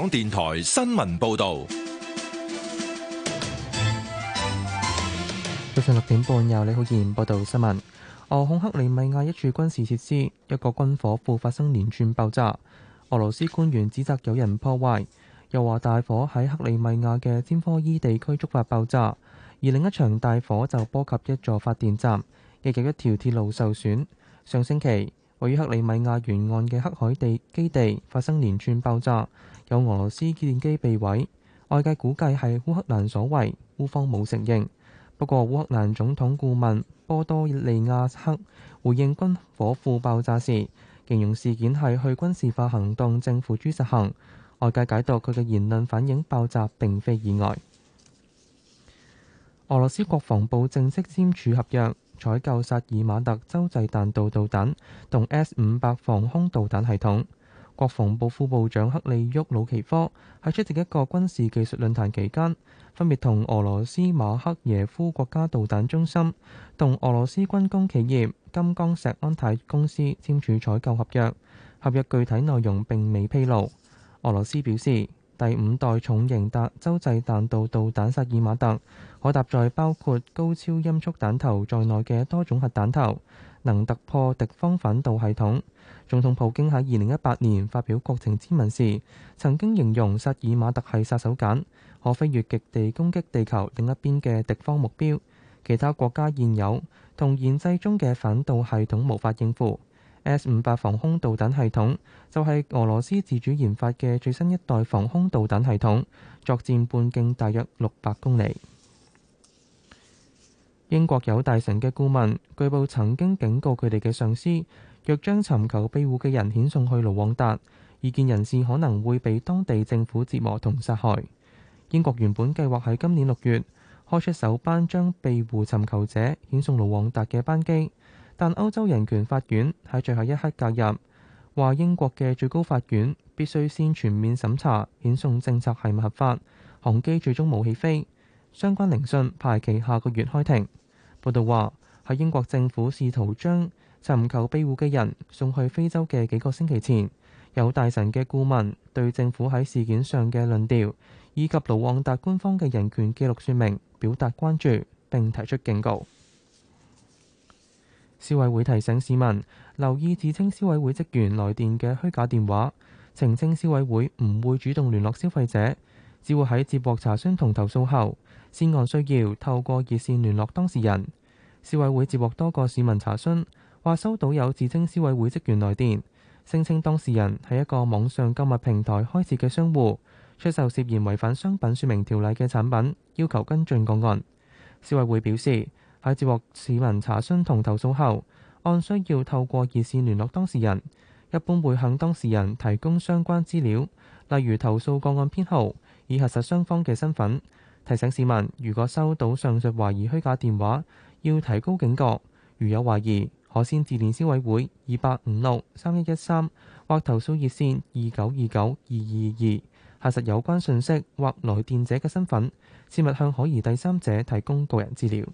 港電台新聞報道，早上六點半由李浩然報道新聞。俄控克里米亞一處軍事設施一個軍火庫發生連串爆炸，俄羅斯官員指責有人破壞。又話大火喺克里米亞嘅佔科伊地區觸發爆炸，而另一場大火就波及一座發電站，亦有一條鐵路受損。上星期位於克里米亞沿岸嘅黑海地基地發生連串爆炸。有俄羅斯機電機被毀，外界估計係烏克蘭所為，烏方冇承認。不過烏克蘭總統顧問波多利亞克回應軍火庫爆炸時，形容事件係去軍事化行動政府諸實行。外界解讀佢嘅言論，反映爆炸並非意外。俄羅斯國防部正式簽署合約，採購薩爾馬特洲際彈道導彈同 S 五百防空導彈系統。國防部副部長克利沃魯奇科喺出席一個軍事技術論壇期間，分別同俄羅斯馬克耶夫國家導彈中心同俄羅斯軍工企業金剛石安泰公司簽署採購合約，合約具體內容並未披露。俄羅斯表示，第五代重型達洲際彈道導彈薩爾馬特可搭載包括高超音速彈頭在內嘅多種核彈頭。能突破敵方反導系統。總統普京喺二零一八年發表國情咨文時，曾經形容薩爾馬特係殺手鐧，可飛越極地攻擊地球另一邊嘅敵方目標。其他國家現有同研製中嘅反導系統無法應付。S 五百防空導彈系統就係俄羅斯自主研發嘅最新一代防空導彈系統，作戰半徑大約六百公里。英國有大臣嘅顧問據報曾經警告佢哋嘅上司，若將尋求庇護嘅人遣送去盧旺達，異見人士可能會被當地政府折磨同殺害。英國原本計劃喺今年六月開出首班將庇護尋求者遣送盧旺達嘅班機，但歐洲人權法院喺最後一刻介入，話英國嘅最高法院必須先全面審查遣送政策係咪合法。航機最終冇起飛，相關聆訊排期下個月開庭。報道話，喺英國政府試圖將尋求庇護嘅人送去非洲嘅幾個星期前，有大臣嘅顧問對政府喺事件上嘅論調以及盧旺達官方嘅人權記錄説明表達關注，並提出警告。消委會提醒市民留意自稱消委會職員來電嘅虛假電話，澄清消委會唔會主動聯絡消費者，只會喺接獲查詢同投訴後，先按需要透過熱線聯絡當事人。消委會接獲多個市民查詢，話收到有自稱消委會職員來電，聲稱當事人係一個網上購物平台開設嘅商戶，出售涉嫌違反商品說明條例嘅產品，要求跟進個案。消委會表示，喺接獲市民查詢同投訴後，按需要透過熱線聯絡當事人，一般會向當事人提供相關資料，例如投訴個案編號，以核實雙方嘅身份。提醒市民，如果收到上述懷疑虛假電話，要提高警覺，如有懷疑，可先致電消委會二八五六三一一三或投訴熱線二九二九二二二二，核實有關信息或來電者嘅身份，切勿向可疑第三者提供個人資料。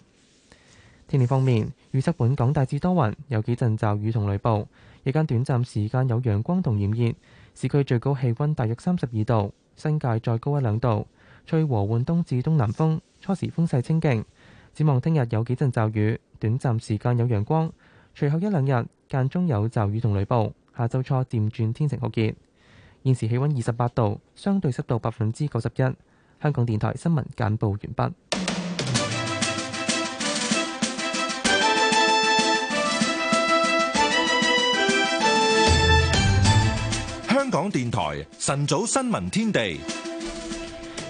天氣方面，預測本港大致多雲，有幾陣驟雨同雷暴，日間短暫時間有陽光同炎熱，市區最高氣温大約三十二度，新界再高一兩度，吹和緩東至東南風，初時風勢清勁。展望聽日有幾陣驟雨，短暫時間有陽光，隨後一兩日間中有驟雨同雷暴，下晝初漸轉天晴酷熱。現時氣溫二十八度，相對濕度百分之九十一。香港電台新聞簡報完畢。香港電台晨早新聞天地。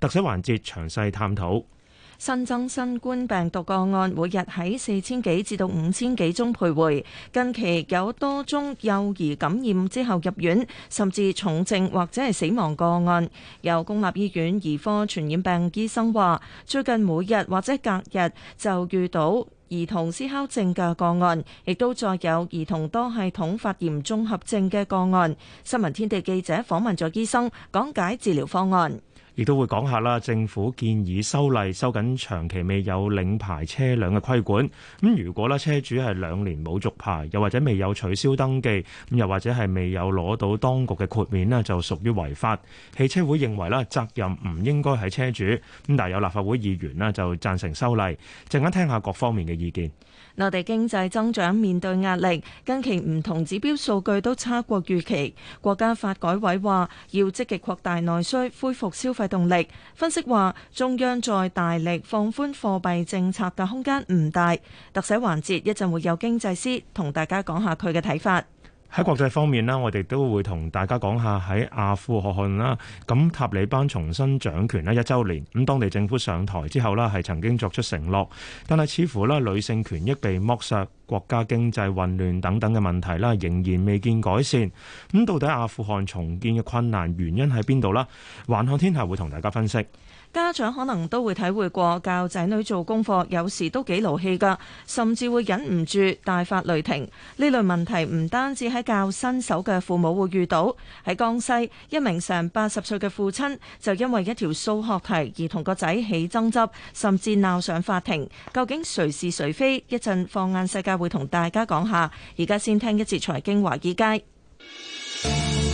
特寫環節詳細探討新增，新冠病毒個案，每日喺四千幾至到五千幾宗徘徊。近期有多宗幼兒感染之後入院，甚至重症或者係死亡個案。有公立醫院兒科傳染病醫生話，最近每日或者隔日就遇到兒童思考症嘅個案，亦都再有兒童多系統發炎綜合症嘅個案。新聞天地記者訪問咗醫生，講解治療方案。亦都會講下啦，政府建議修例收緊長期未有領牌車輛嘅規管。咁如果咧車主係兩年冇續牌，又或者未有取消登記，咁又或者係未有攞到當局嘅豁免咧，就屬於違法。汽車會認為咧責任唔應該係車主。咁但係有立法會議員咧就贊成修例。陣間聽下各方面嘅意見。內地經濟增長面對壓力，近期唔同指標數據都差過預期。國家發改委話要積極擴大內需，恢復消費動力。分析話中央在大力放寬貨幣政策嘅空間唔大。特寫環節一陣會有經濟師同大家講下佢嘅睇法。喺國際方面咧，我哋都會同大家講下喺阿富汗啦，咁塔利班重新掌權咧一週年，咁當地政府上台之後咧，係曾經作出承諾，但係似乎咧女性權益被剝削、國家經濟混亂等等嘅問題咧，仍然未見改善。咁到底阿富汗重建嘅困難原因喺邊度呢？環瀚天下會同大家分析。家長可能都會體會過教仔女做功課有時都幾勞氣㗎，甚至會忍唔住大發雷霆。呢類問題唔單止喺教新手嘅父母會遇到，喺江西一名成八十歲嘅父親就因為一條數學題而同個仔起爭執，甚至鬧上法庭。究竟誰是誰非？一陣放眼世界會同大家講下。而家先聽一節財經華爾街。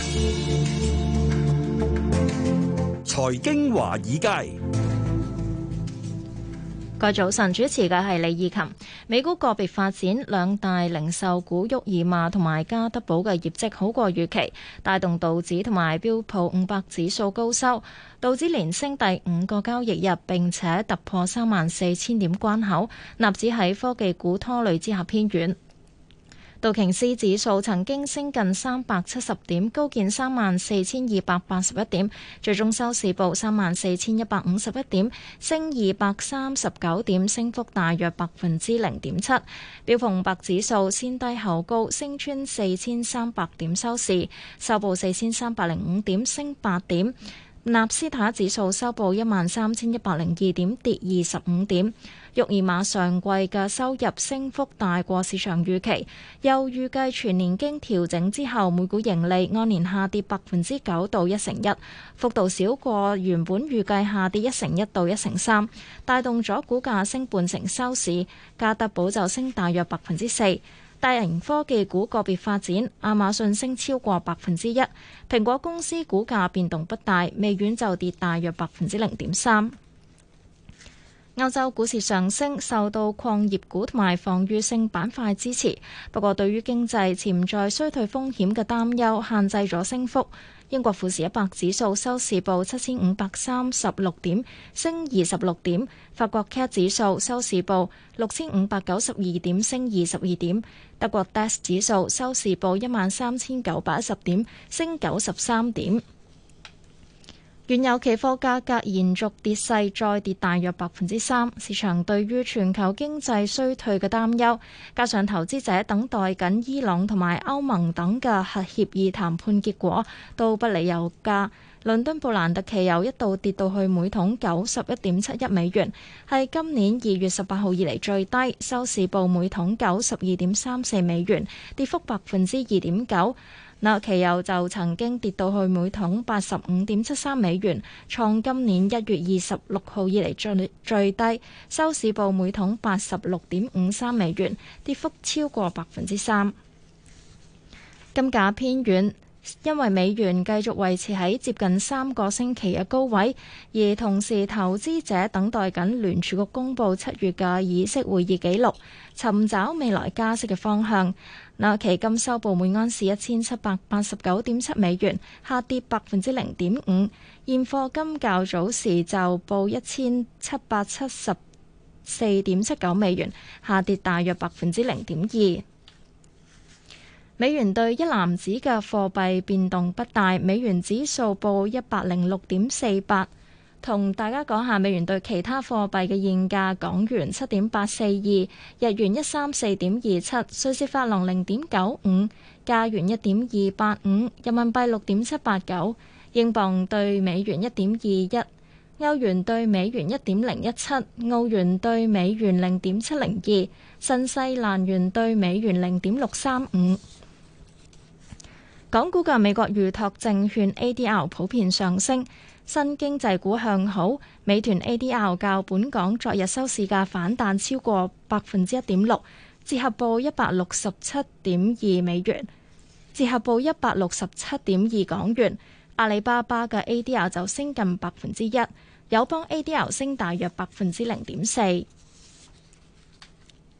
財經華爾街，各位早晨，主持嘅係李義琴。美股個別發展，兩大零售股沃爾瑪同埋加德寶嘅業績好過預期，帶動道指同埋標普五百指數高收。道指連升第五個交易日，並且突破三萬四千點關口。納指喺科技股拖累之下偏軟。道瓊斯指數曾經升近三百七十點，高見三萬四千二百八十一點，最終收市報三萬四千一百五十一點，升二百三十九點，升幅大約百分之零點七。標普五百指數先低後高，升穿四千三百點收市，收報四千三百零五點，升八點。納斯達克指數收報一萬三千一百零二點，跌二十五點。沃爾瑪上季嘅收入升幅大過市場預期，又預計全年經調整之後每股盈利按年下跌百分之九到一成一，幅度少過原本預計下跌一成一到一成三，帶動咗股價升半成。收市，家得寶就升大約百分之四。大型科技股個別發展，亞馬遜升超過百分之一，蘋果公司股價變動不大，微軟就跌大約百分之零點三。歐洲股市上升，受到礦業股同埋防御性板塊支持。不過，對於經濟潛在衰退風險嘅擔憂，限制咗升幅。英國富時一百指數收市報七千五百三十六點，升二十六點。法國 CAC 指數收市報六千五百九十二點，升二十二點。德國 DAX 指數收市報一萬三千九百一十點，升九十三點。原油期貨價格延續跌勢，再跌大約百分之三。市場對於全球經濟衰退嘅擔憂，加上投資者等待緊伊朗同埋歐盟等嘅核協議談判結果，都不利油價。倫敦布蘭特期油一度跌到去每桶九十一點七一美元，係今年二月十八號以嚟最低收市，報每桶九十二點三四美元，跌幅百分之二點九。那汽油就曾經跌到去每桶八十五點七三美元，創今年一月二十六號以嚟最最低，收市報每桶八十六點五三美元，跌幅超過百分之三。金價偏軟。因為美元繼續維持喺接近三個星期嘅高位，而同時投資者等待緊聯儲局公布七月嘅議息會議記錄，尋找未來加息嘅方向。嗱，期金收報每安士一千七百八十九點七美元，下跌百分之零點五；現貨金較早時就報一千七百七十四點七九美元，下跌大約百分之零點二。美元兌一籃子嘅貨幣變動不大，美元指數報一百零六點四八。同大家講下美元兌其他貨幣嘅現價：港元七點八四二，日元一三四點二七，瑞士法郎零點九五，加元一點二八五，人民幣六點七八九，英鎊兌美元一點二一，歐元兌美元一點零一七，澳元兌美元零點七零二，新西蘭元兌美元零點六三五。港股嘅美國預託證券 ADR 普遍上升，新經濟股向好。美團 ADR 較本港昨日收市價反彈超過百分之一點六，折合報一百六十七點二美元，折合報一百六十七點二港元。阿里巴巴嘅 ADR 就升近百分之一，友邦 ADR 升大約百分之零點四。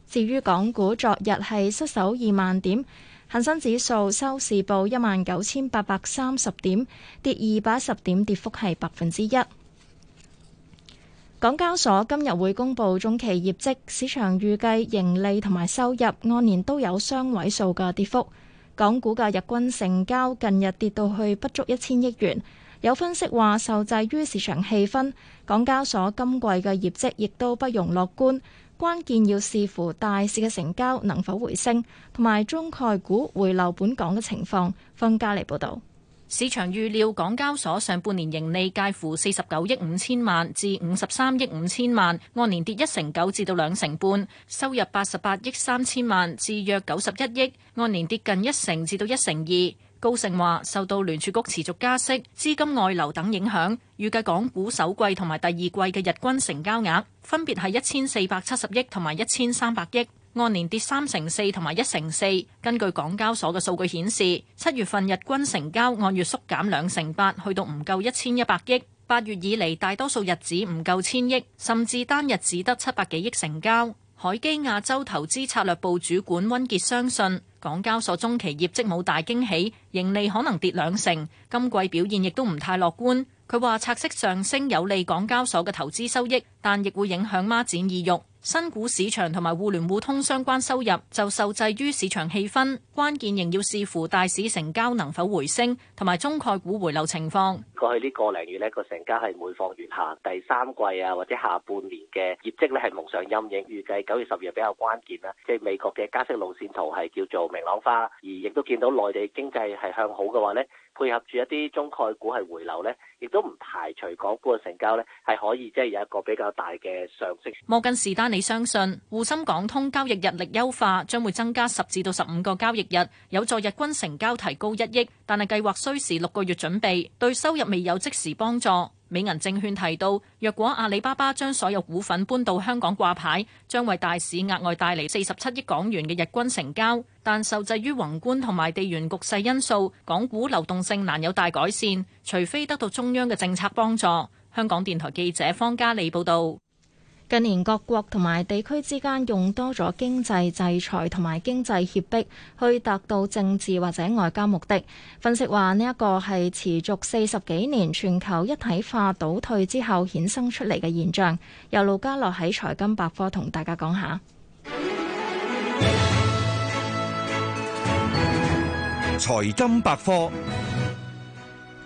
至於港股昨日係失守二萬點。恒生指數收市報一萬九千八百三十點，跌二百一十點，跌幅係百分之一。港交所今日會公布中期業績，市場預計盈利同埋收入按年都有雙位數嘅跌幅。港股嘅日均成交近日跌到去不足一千億元，有分析話受制於市場氣氛，港交所今季嘅業績亦都不容樂觀。關鍵要視乎大市嘅成交能否回升，同埋中概股回流本港嘅情況。方嘉利報道，市場預料港交所上半年盈利介乎四十九億五千萬至五十三億五千萬，按年跌一成九至到兩成半；收入八十八億三千萬至約九十一億，按年跌近一成至到一成二。高盛話，受到聯儲局持續加息、資金外流等影響，預計港股首季同埋第二季嘅日均成交額分別係一千四百七十億同埋一千三百億，按年跌三成四同埋一成四。根據港交所嘅數據顯示，七月份日均成交按月縮減兩成八，去到唔夠一千一百億。八月以嚟，大多數日子唔夠千億，甚至單日只得七百幾億成交。海基亞洲投資策略部主管溫杰相信，港交所中期業績冇大驚喜，盈利可能跌兩成，今季表現亦都唔太樂觀。佢話，拆息上升有利港交所嘅投資收益，但亦會影響孖展意欲。新股市場同埋互聯互通相關收入就受制於市場氣氛，關鍵仍要視乎大市成交能否回升，同埋中概股回流情況。過去呢個零月，呢個成交係每況愈下，第三季啊或者下半年嘅業績呢，係蒙上陰影。預計九月十月比較關鍵啦，即係美國嘅加息路線圖係叫做明朗化，而亦都見到內地經濟係向好嘅話呢。配合住一啲中概股係回流呢，亦都唔排除港股嘅成交呢係可以即係有一個比較大嘅上升。摩根士丹利相信，滬深港通交易日曆優化將會增加十至到十五個交易日，有助日均成交提高一億，但係計劃需時六個月準備，對收入未有即時幫助。美銀證券提到，若果阿里巴巴將所有股份搬到香港掛牌，將為大市額外帶嚟四十七億港元嘅日均成交，但受制於宏觀同埋地緣局勢因素，港股流動性難有大改善，除非得到中央嘅政策幫助。香港電台記者方嘉利報道。近年各國同埋地區之間用多咗經濟制裁同埋經濟脅迫去達到政治或者外交目的。分析話呢一個係持續四十幾年全球一體化倒退之後衍生出嚟嘅現象。由盧家樂喺財金百科同大家講下財金百科。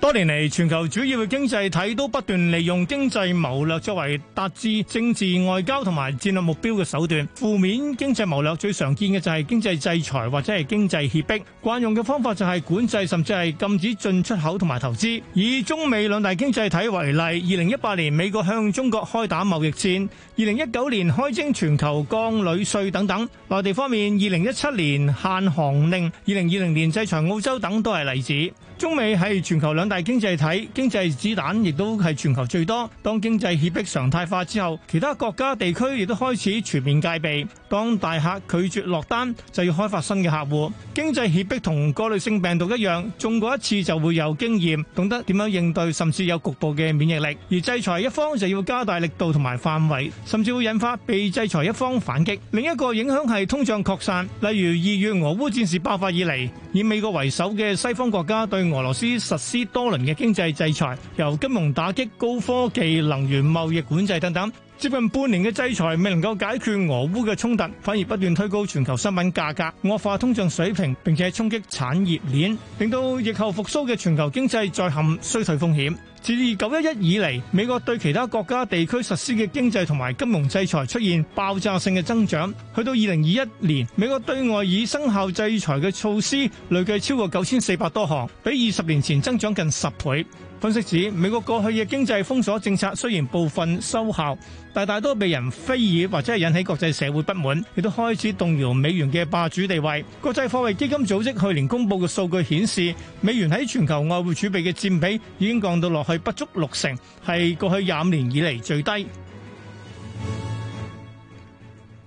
多年嚟，全球主要嘅經濟體都不斷利用經濟謀略作為達至政治外交同埋戰略目標嘅手段。負面經濟謀略最常見嘅就係經濟制裁或者係經濟脅迫，慣用嘅方法就係管制甚至係禁止進出口同埋投資。以中美兩大經濟體為例，二零一八年美國向中國開打貿易戰。二零一九年開徵全球降旅稅等等，內地方面二零一七年限航令，二零二零年制裁澳洲等都係例子。中美係全球兩大經濟體，經濟子彈亦都係全球最多。當經濟脅迫常態化之後，其他國家地區亦都開始全面戒備。當大客拒絕落單，就要開發新嘅客戶。經濟脅迫同過濾性病毒一樣，中過一次就會有經驗，懂得點樣應對，甚至有局部嘅免疫力。而制裁一方就要加大力度同埋範圍。甚至會引發被制裁一方反擊。另一個影響係通脹擴散，例如二月俄烏戰事爆發以嚟，以美國為首嘅西方國家對俄羅斯實施多輪嘅經濟制裁，由金融打擊、高科技、能源、貿易管制等等，接近半年嘅制裁未能夠解決俄烏嘅衝突，反而不斷推高全球商品價格，惡化通脹水平，並且衝擊產業鏈，令到疫後復甦嘅全球經濟再陷衰退風險。自二九一一以嚟，美國對其他國家地區實施嘅經濟同埋金融制裁出現爆炸性嘅增長。去到二零二一年，美國對外已生效制裁嘅措施累計超過九千四百多項，比二十年前增長近十倍。分析指，美國過去嘅經濟封鎖政策雖然部分收效，但大多被人非議或者係引起國際社會不滿，亦都開始動搖美元嘅霸主地位。國際貨幣基金組織去年公布嘅數據顯示，美元喺全球外匯儲備嘅佔比已經降到落去。不足六成，係過去廿五年以嚟最低。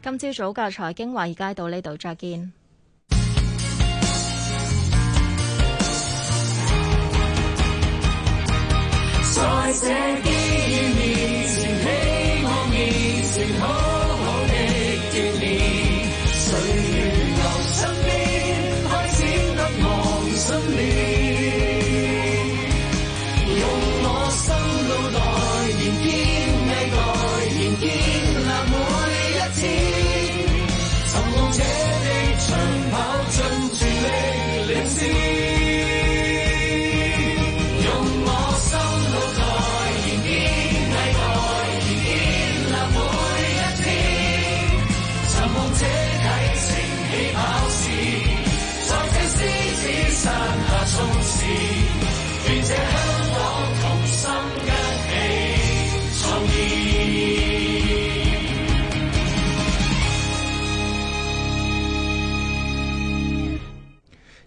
今朝早嘅財經華爾街，到呢度再見。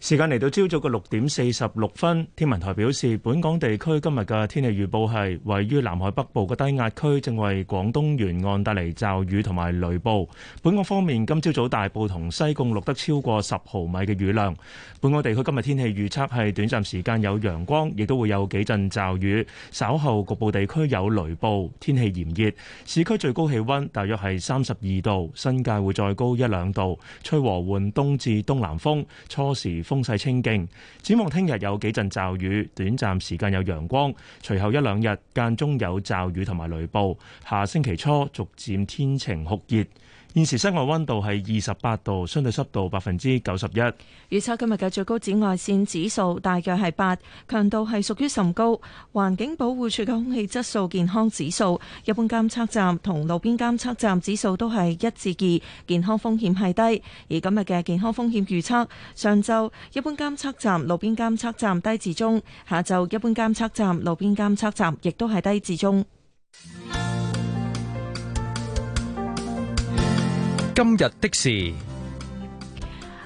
時間嚟到朝早嘅六點四十六分，天文台表示，本港地區今日嘅天氣預報係，位於南海北部嘅低壓區正為廣東沿岸帶嚟驟雨同埋雷暴。本港方面，今朝早大埔同西貢錄得超過十毫米嘅雨量。本港地區今日天，天氣預測係短暫時間有陽光，亦都會有幾陣驟雨，稍後局部地區有雷暴。天氣炎熱，市區最高氣溫大約係三十二度，新界會再高一兩度。吹和緩東至東南風，初時。風勢清勁，展望聽日有幾陣驟雨，短暫時間有陽光，隨後一兩日間中有驟雨同埋雷暴，下星期初逐漸天晴酷熱。現時室外溫度係二十八度，相對濕度百分之九十一。預測今日嘅最高紫外線指數大約係八，強度係屬於甚高。環境保護署嘅空氣質素健康指數，一般監測站同路邊監測站指數都係一至二，健康風險係低。而今日嘅健康風險預測，上晝一般監測站、路邊監測站低至中；下晝一般監測站、路邊監測站亦都係低至中。今日的事，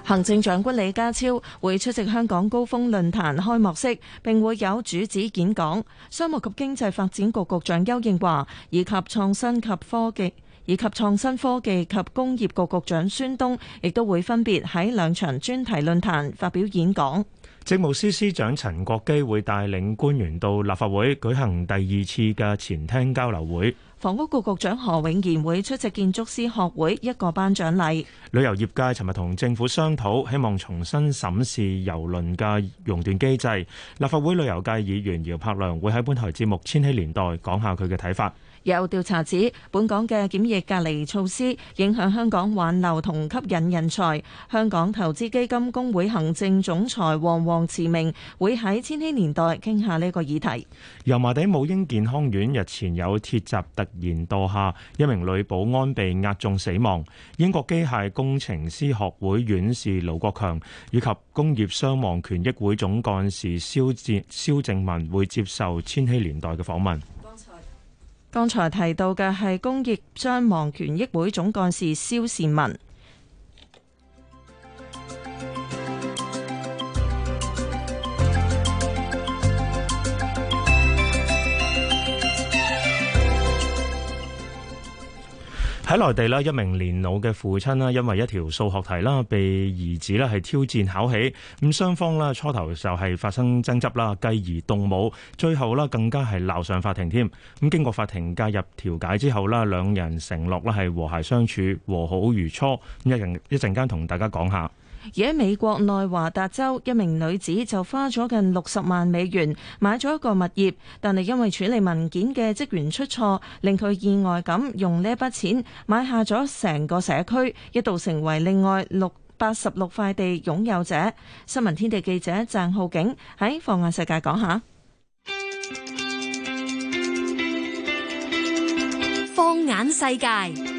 行政長官李家超會出席香港高峰論壇開幕式，並會有主旨演講。商務及經濟發展局局長邱應華以及創新及科技以及創新科技及工業局局長孫東，亦都會分別喺兩場專題論壇發表演講。政務司司長陳國基會帶領官員到立法會舉行第二次嘅前廳交流會。房屋局局長何永賢會出席建築師學會一個頒獎禮。旅遊業界尋日同政府商討，希望重新審視郵輪嘅熔斷機制。立法會旅遊界議員姚柏良會喺本台節目《千禧年代》講下佢嘅睇法。有調查指，本港嘅檢疫隔離措施影響香港挽留同吸引人才。香港投資基金公會行政總裁黃黃慈明會喺千禧年代傾下呢個議題。油麻地母嬰健康院日前有鐵閘突然墮下，一名女保安被壓中死亡。英國機械工程師學會院士盧國強以及工業傷亡權益會總幹事蕭哲蕭正文會接受千禧年代嘅訪問。剛才提到嘅係工業傷亡權益會總幹事蕭善文。喺內地咧，一名年老嘅父親啦，因為一條數學題啦，被兒子咧係挑戰考起，咁雙方咧初頭就係發生爭執啦，繼而動武，最後咧更加係鬧上法庭添。咁經過法庭介入調解之後咧，兩人承諾咧係和諧相處，和好如初。一陣一陣間同大家講下。而喺美國內華達州，一名女子就花咗近六十萬美元買咗一個物業，但係因為處理文件嘅職員出錯，令佢意外咁用呢一筆錢買下咗成個社區，一度成為另外六八十六塊地擁有者。新聞天地記者鄭浩景喺放眼世界講下，放眼世界。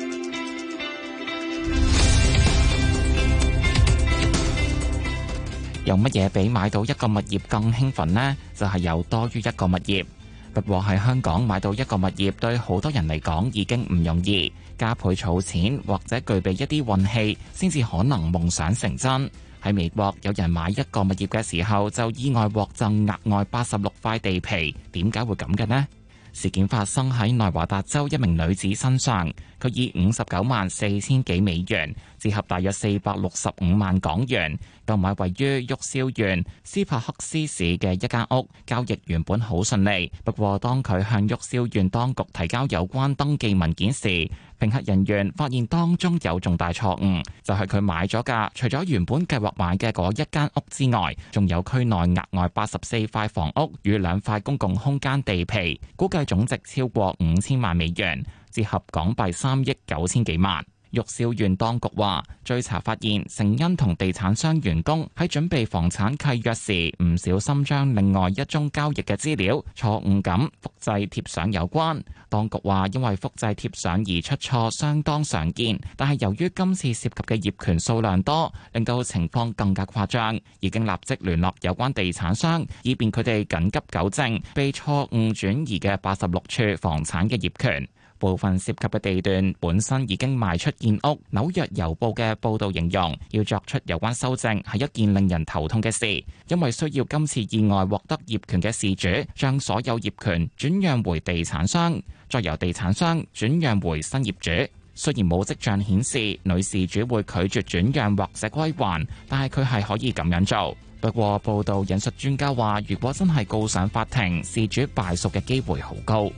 有乜嘢比買到一個物業更興奮呢？就係有多於一個物業。不過喺香港買到一個物業對好多人嚟講已經唔容易，加倍儲錢或者具備一啲運氣先至可能夢想成真。喺美國，有人買一個物業嘅時候就意外獲贈額外八十六塊地皮，點解會咁嘅呢？事件發生喺內華達州一名女子身上。佢以五十九萬四千幾美元，折合大約四百六十五萬港元，購買位於沃肖縣斯帕克斯市嘅一間屋。交易原本好順利，不過當佢向沃肖縣當局提交有關登記文件時，評核人員發現當中有重大錯誤，就係、是、佢買咗㗎，除咗原本計劃買嘅嗰一間屋之外，仲有區內額外八十四塊房屋與兩塊公共空間地皮，估計總值超過五千萬美元。折合港幣三億九千幾萬。玉兆園當局話，追查發現，成因同地產商員工喺準備房產契約時，唔小心將另外一宗交易嘅資料錯誤咁複製貼上有關。當局話，因為複製貼上而出錯相當常見，但係由於今次涉及嘅業權數量多，令到情況更加誇張。已經立即聯絡有關地產商，以便佢哋緊急糾正被錯誤轉移嘅八十六處房產嘅業權。部分涉及嘅地段本身已經賣出建屋。紐約郵報嘅報道形容，要作出有關修正係一件令人頭痛嘅事，因為需要今次意外獲得業權嘅事主，將所有業權轉讓回地產商，再由地產商轉讓回新業主。雖然冇跡象顯示女事主會拒絕轉讓或者歸還，但係佢係可以咁樣做。不過報道引述專家話，如果真係告上法庭，事主敗訴嘅機會好高。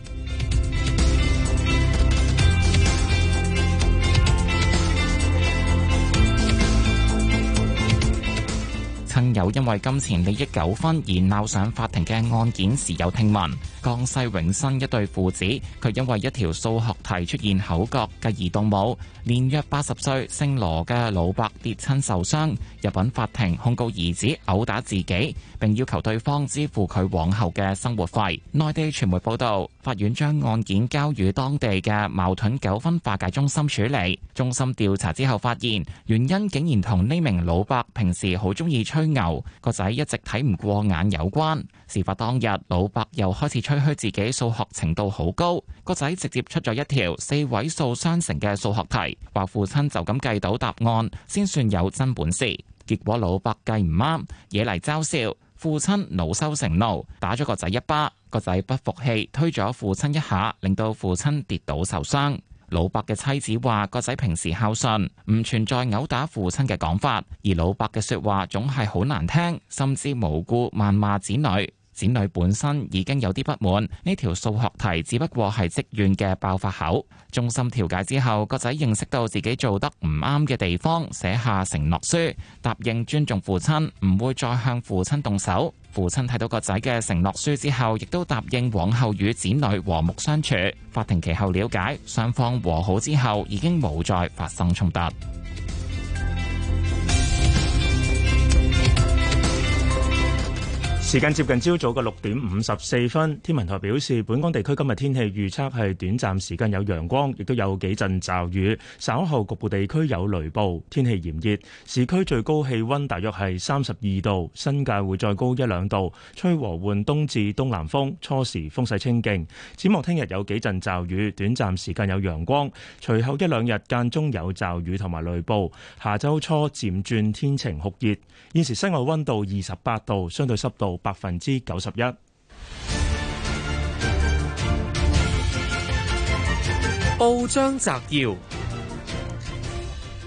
更有因為金錢利益糾紛而鬧上法庭嘅案件時有聽聞。江西永新一對父子，佢因為一條數學題出現口角，繼而動武。年約八十歲姓羅嘅老伯跌親受傷，入稟法庭控告兒子毆打自己，並要求對方支付佢往後嘅生活費。內地傳媒報道，法院將案件交予當地嘅矛盾糾紛化解中心處理。中心調查之後發現，原因竟然同呢名老伯平時好中意吹。牛，個仔一直睇唔過眼。有關事發當日，老伯又開始吹噓自己數學程度好高，個仔直接出咗一條四位數相乘嘅數學題，話父親就咁計到答案先算有真本事。結果老伯計唔啱，惹嚟，嘲笑，父親惱羞成怒，打咗個仔一巴，個仔不服氣，推咗父親一下，令到父親跌倒受傷。老伯嘅妻子話個仔平時孝順，唔存在毆打父親嘅講法，而老伯嘅說話總係好難聽，甚至無故謾罵子女。子女本身已經有啲不滿，呢條數學題只不過係積怨嘅爆發口。中心調解之後，個仔認識到自己做得唔啱嘅地方，寫下承諾書，答應尊重父親，唔會再向父親動手。父親睇到個仔嘅承諾書之後，亦都答應往後與子女和睦相處。法庭期後了解，雙方和好之後已經冇再發生衝突。時間接近朝早嘅六點五十四分，天文台表示，本港地區今日天氣預測係短暫時間有陽光，亦都有幾陣驟雨，稍後局部地區有雷暴，天氣炎熱，市區最高氣溫大約係三十二度，新界會再高一兩度，吹和緩東至東南風，初時風勢清勁，展望聽日有幾陣驟雨，短暫時間有陽光，隨後一兩日間中有驟雨同埋雷暴，下周初漸轉天晴酷熱，現時室外溫度二十八度，相對濕度。百分之九十一。報章摘要：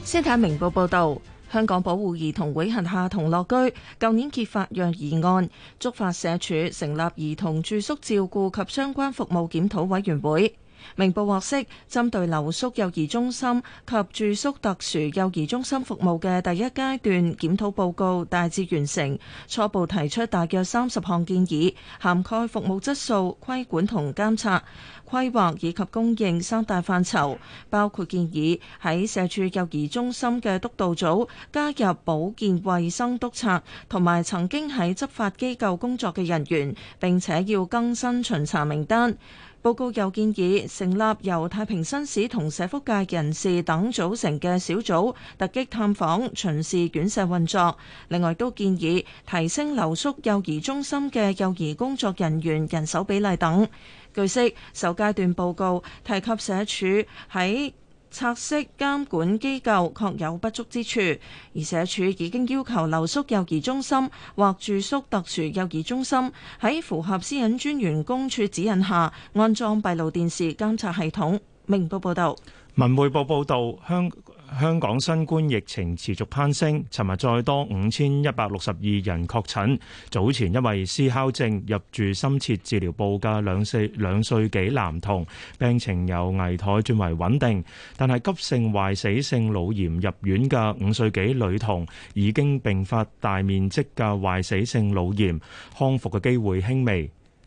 先睇明報報道，香港保護兒童會轄下童樂居，舊年揭發虐兒案，觸發社署成立兒童住宿照顧及相關服務檢討委員會。明報獲悉，針對留宿幼兒中心及住宿特殊幼兒中心服務嘅第一階段檢討報告大致完成，初步提出大約三十項建議，涵蓋服務質素、規管同監察、規劃以及供應三大範疇，包括建議喺社署幼兒中心嘅督導組加入保健衛生督察同埋曾經喺執法機構工作嘅人員，並且要更新巡查名單。報告又建議成立由太平紳士同社福界人士等組成嘅小組，突擊探訪、巡視、院舍運作。另外都建議提升留宿幼兒中心嘅幼兒工作人員人手比例等。據悉，首階段報告提及社署喺拆式監管機構確有不足之處，而社署已經要求留宿幼兒中心或住宿特殊幼兒中心喺符合私隱專員公署指引下安裝閉路電視監察系統。明報報道，文匯報報道。香。香港新冠疫情持續攀升，尋日再多五千一百六十二人確診。早前因為失考症入住深切治療部嘅兩歲兩歲幾男童，病情由危殆轉為穩定，但係急性壞死性腦炎入院嘅五歲幾女童已經並發大面積嘅壞死性腦炎，康復嘅機會輕微。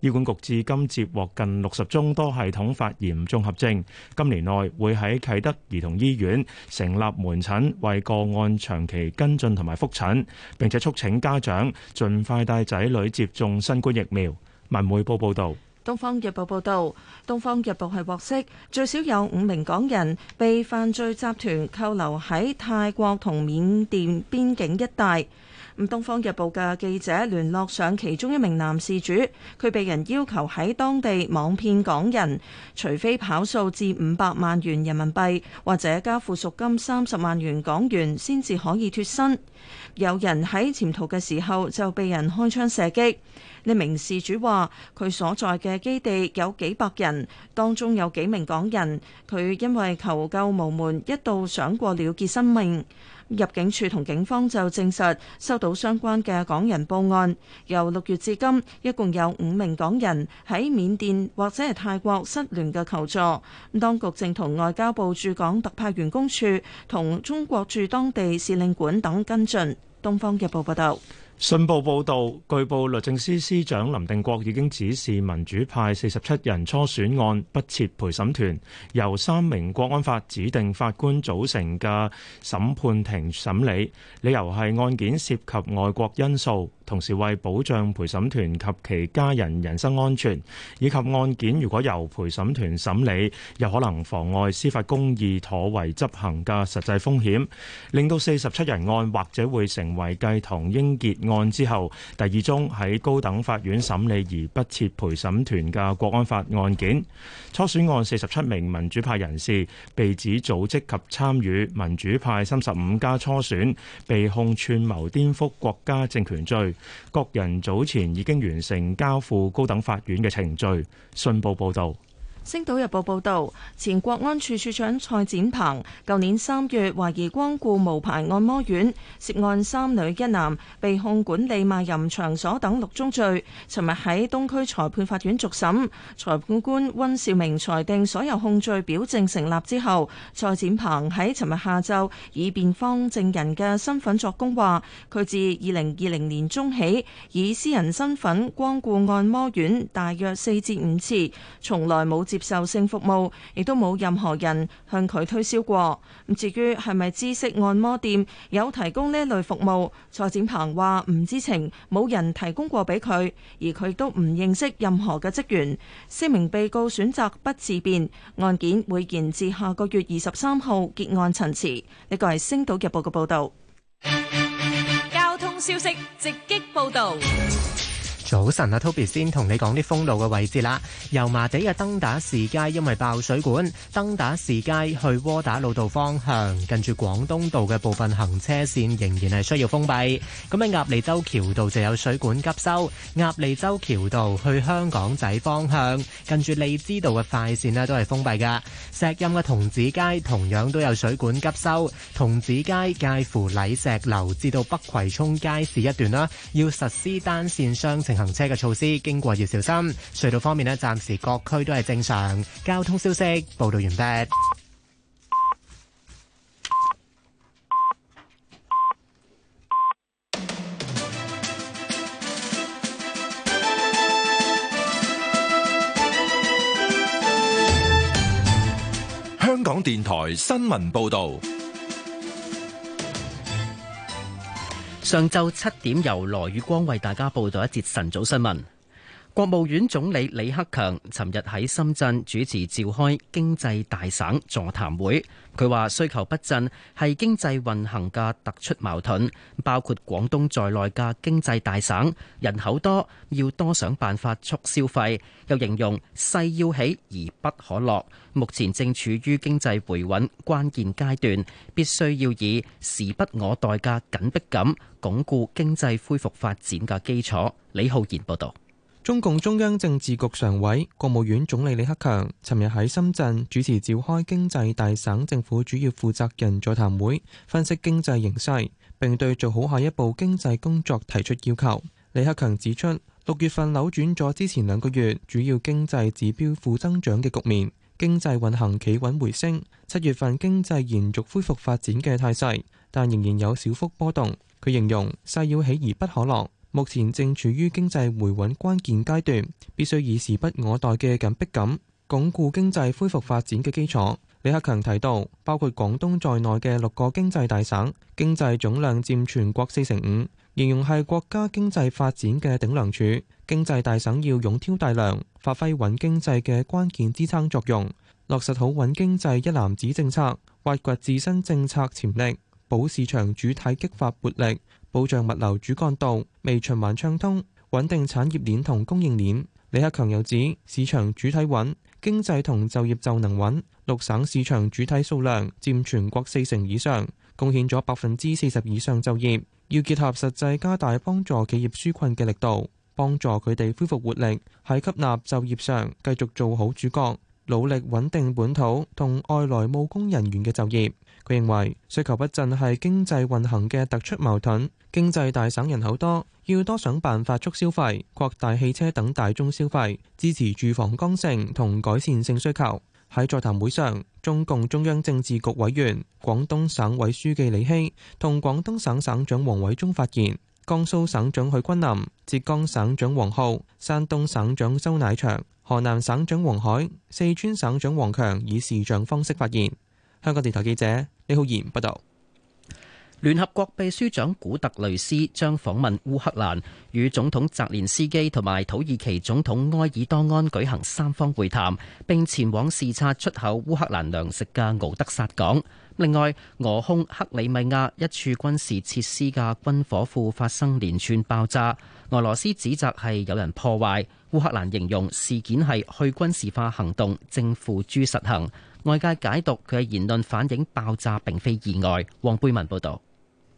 醫管局至今接獲近六十宗多系統發炎綜合症，今年內會喺啟德兒童醫院成立門診，為個案長期跟進同埋覆診，並且促請家長盡快帶仔女接種新冠疫苗。文匯報報道，《東方日報》報道，《東方日報》係獲悉，最少有五名港人被犯罪集團扣留喺泰國同緬甸邊境一帶。咁《東方日報》嘅記者聯絡上其中一名男事主，佢被人要求喺當地網騙港人，除非跑數至五百萬元人民幣或者交付贖金三十萬元港元，先至可以脫身。有人喺潛逃嘅時候就被人開槍射擊。呢名事主話：佢所在嘅基地有幾百人，當中有幾名港人。佢因為求救無門，一度想過了結生命。入境處同警方就證實收到相關嘅港人報案，由六月至今，一共有五名港人喺緬甸或者係泰國失聯嘅求助。咁當局正同外交部駐港特派員工處同中國駐當地使領館等跟進。《東方日報》報道。信報報導，據報律政司司長林定國已經指示民主派四十七人初選案，不設陪審團，由三名國安法指定法官組成嘅審判庭審理，理由係案件涉及外國因素。同時為保障陪審團及其家人人身安全，以及案件如果由陪審團審理，又可能妨礙司法公義妥為執行嘅實際風險，令到四十七人案或者會成為繼唐英傑案之後第二宗喺高等法院審理而不設陪審團嘅國安法案件。初選案四十七名民主派人士被指組織及參與民主派三十五家初選，被控串謀顛覆國家政權罪。各人早前已經完成交付高等法院嘅程序。信報報道。《星島日報》報導，前國安處處長蔡展鵬，舊年三月懷疑光顧無牌按摩院，涉案三女一男，被控管理賣淫場所等六宗罪。尋日喺東區裁判法院續審，裁判官温兆明裁定所有控罪表證成立之後，蔡展鵬喺尋日下晝以辯方證人嘅身份作供，話佢自二零二零年中起以私人身份光顧按摩院大約四至五次，從來冇自接受性服務，亦都冇任何人向佢推銷過。咁至於係咪知識按摩店有提供呢類服務，蔡展鵬話唔知情，冇人提供過俾佢，而佢亦都唔認識任何嘅職員。四名被告選擇不自辯，案件會延至下個月二十三號結案陳詞。呢個係《星島日報》嘅報道。交通消息，直擊報道。早晨啊，Toby 先同你講啲封路嘅位置啦。油麻地嘅登打士街因為爆水管，登打士街去窩打老道方向，近住廣東道嘅部分行車線仍然係需要封閉。咁喺鴨脷洲橋道就有水管急修，鴨脷洲橋道去香港仔方向，近住利枝道嘅快線咧都係封閉噶。石蔭嘅童子街同樣都有水管急修，童子街介乎禮石樓至到北葵涌街市一段啦，要實施單線雙程。行車嘅措施，經過要小心。隧道方面咧，暫時各區都係正常。交通消息，報道完畢。香港電台新聞報道。上晝七點，由羅宇光為大家報道一節晨早新聞。國務院總理李克強尋日喺深圳主持召開經濟大省座談會。佢話需求不振係經濟運行嘅突出矛盾，包括廣東在內嘅經濟大省人口多，要多想辦法促消費。又形容勢要起而不可落，目前正處於經濟回穩關鍵階段，必須要以時不我待嘅緊迫感鞏固經濟恢復發展嘅基礎。李浩然報道。中共中央政治局常委、國務院總理李克強尋日喺深圳主持召開經濟大省政府主要負責人座談會，分析經濟形勢，並對做好下一步經濟工作提出要求。李克強指出，六月份扭轉咗之前兩個月主要經濟指標負增長嘅局面，經濟運行企穩回升，七月份經濟延續恢復發展嘅態勢，但仍然有小幅波動，佢形容勢要起而不可落。目前正處於經濟回穩關鍵階段，必須以時不我待嘅緊迫感，鞏固經濟恢復發展嘅基礎。李克強提到，包括廣東在內嘅六個經濟大省，經濟總量占全國四成五，形容係國家經濟發展嘅頂梁柱。經濟大省要勇挑大梁，發揮穩經濟嘅關鍵支撐作用，落實好穩經濟一攬子政策，挖掘自身政策潛力，保市場主體激發活力。保障物流主幹道微循環暢通，穩定產業鏈同供應鏈。李克強又指，市場主體穩，經濟同就業就能穩。六省市場主體數量佔全國四成以上，貢獻咗百分之四十以上就業。要結合實際，加大幫助企業紓困嘅力度，幫助佢哋恢復活力。喺吸納就業上，繼續做好主角，努力穩定本土同外來務工人員嘅就業。佢認為需求不振係經濟運行嘅突出矛盾。經濟大省人口多，要多想辦法促消費、擴大汽車等大宗消費，支持住房剛性同改善性需求。喺座談會上，中共中央政治局委員、廣東省委書記李希同廣東省省長王偉中發言；江蘇省長許昆林、浙江省長王浩、山東省長周乃翔、河南省長王凱、四川省長黃強以視像方式發言。香港電台記者。李浩賢報道：聯合國秘書長古特雷斯將訪問烏克蘭，與總統澤連斯基同埋土耳其總統埃爾多安舉行三方會談，並前往視察出口烏克蘭糧食嘅敖德薩港。另外，俄控克里米亞一處軍事設施嘅軍火庫發生連串爆炸，俄羅斯指責係有人破壞，烏克蘭形容事件係去軍事化行動正付諸實行。外界解讀佢嘅言論反映爆炸並非意外。黃貝文報導，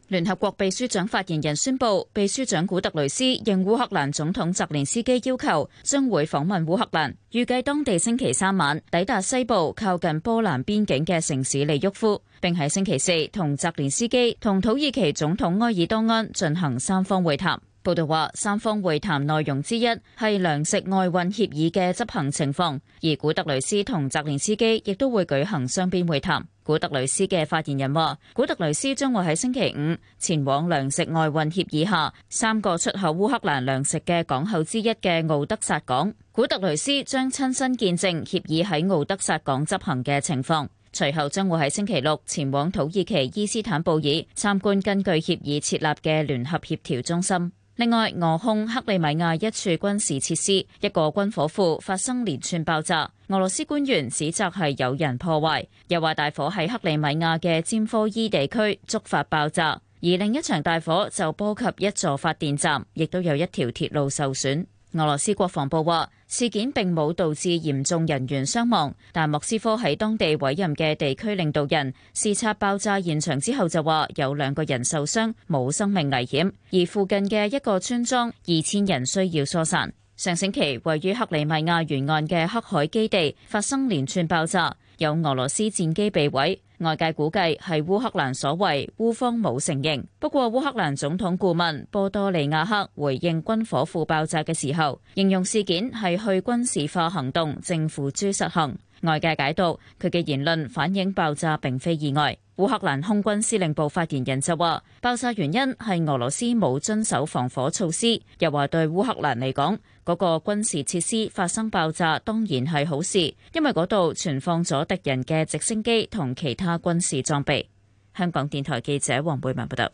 聯合國秘書長發言人宣布，秘書長古特雷斯應烏克蘭總統澤連斯基要求，將會訪問烏克蘭，預計當地星期三晚抵達西部靠近波蘭邊境嘅城市利沃夫，並喺星期四同澤連斯基同土耳其總統埃爾多安進行三方會談。報道話，三方會談內容之一係糧食外運協議嘅執行情況，而古特雷斯同澤連斯基亦都會舉行雙邊會談。古特雷斯嘅發言人話，古特雷斯將會喺星期五前往糧食外運協議下三個出口烏克蘭糧食嘅港口之一嘅敖德薩港。古特雷斯將親身見證協議喺敖德薩港執行嘅情況。隨後將會喺星期六前往土耳其伊斯坦布爾參觀根據協議設立嘅聯合協調中心。另外，俄控克里米亞一處軍事設施、一個軍火庫發生連串爆炸，俄羅斯官員指責係有人破壞，又話大火喺克里米亞嘅詹科伊地區觸發爆炸，而另一場大火就波及一座發電站，亦都有一條鐵路受損。俄羅斯國防部話，事件並冇導致嚴重人員傷亡，但莫斯科喺當地委任嘅地區領導人視察爆炸現場之後就話有兩個人受傷，冇生命危險，而附近嘅一個村莊，二千人需要疏散。上星期位於克里米亞沿岸嘅黑海基地發生連串爆炸。有俄羅斯戰機被毀，外界估計係烏克蘭所為，烏方冇承認。不過，烏克蘭總統顧問波多利亞克回應軍火庫爆炸嘅時候，形容事件係去軍事化行動，政府朱實行。外界解讀佢嘅言論，反映爆炸並非意外。烏克蘭空軍司令部發言人就話，爆炸原因係俄羅斯冇遵守防火措施，又話對烏克蘭嚟講，嗰個軍事設施發生爆炸當然係好事，因為嗰度存放咗敵人嘅直升機同其他軍事裝備。香港電台記者黃貝文報道。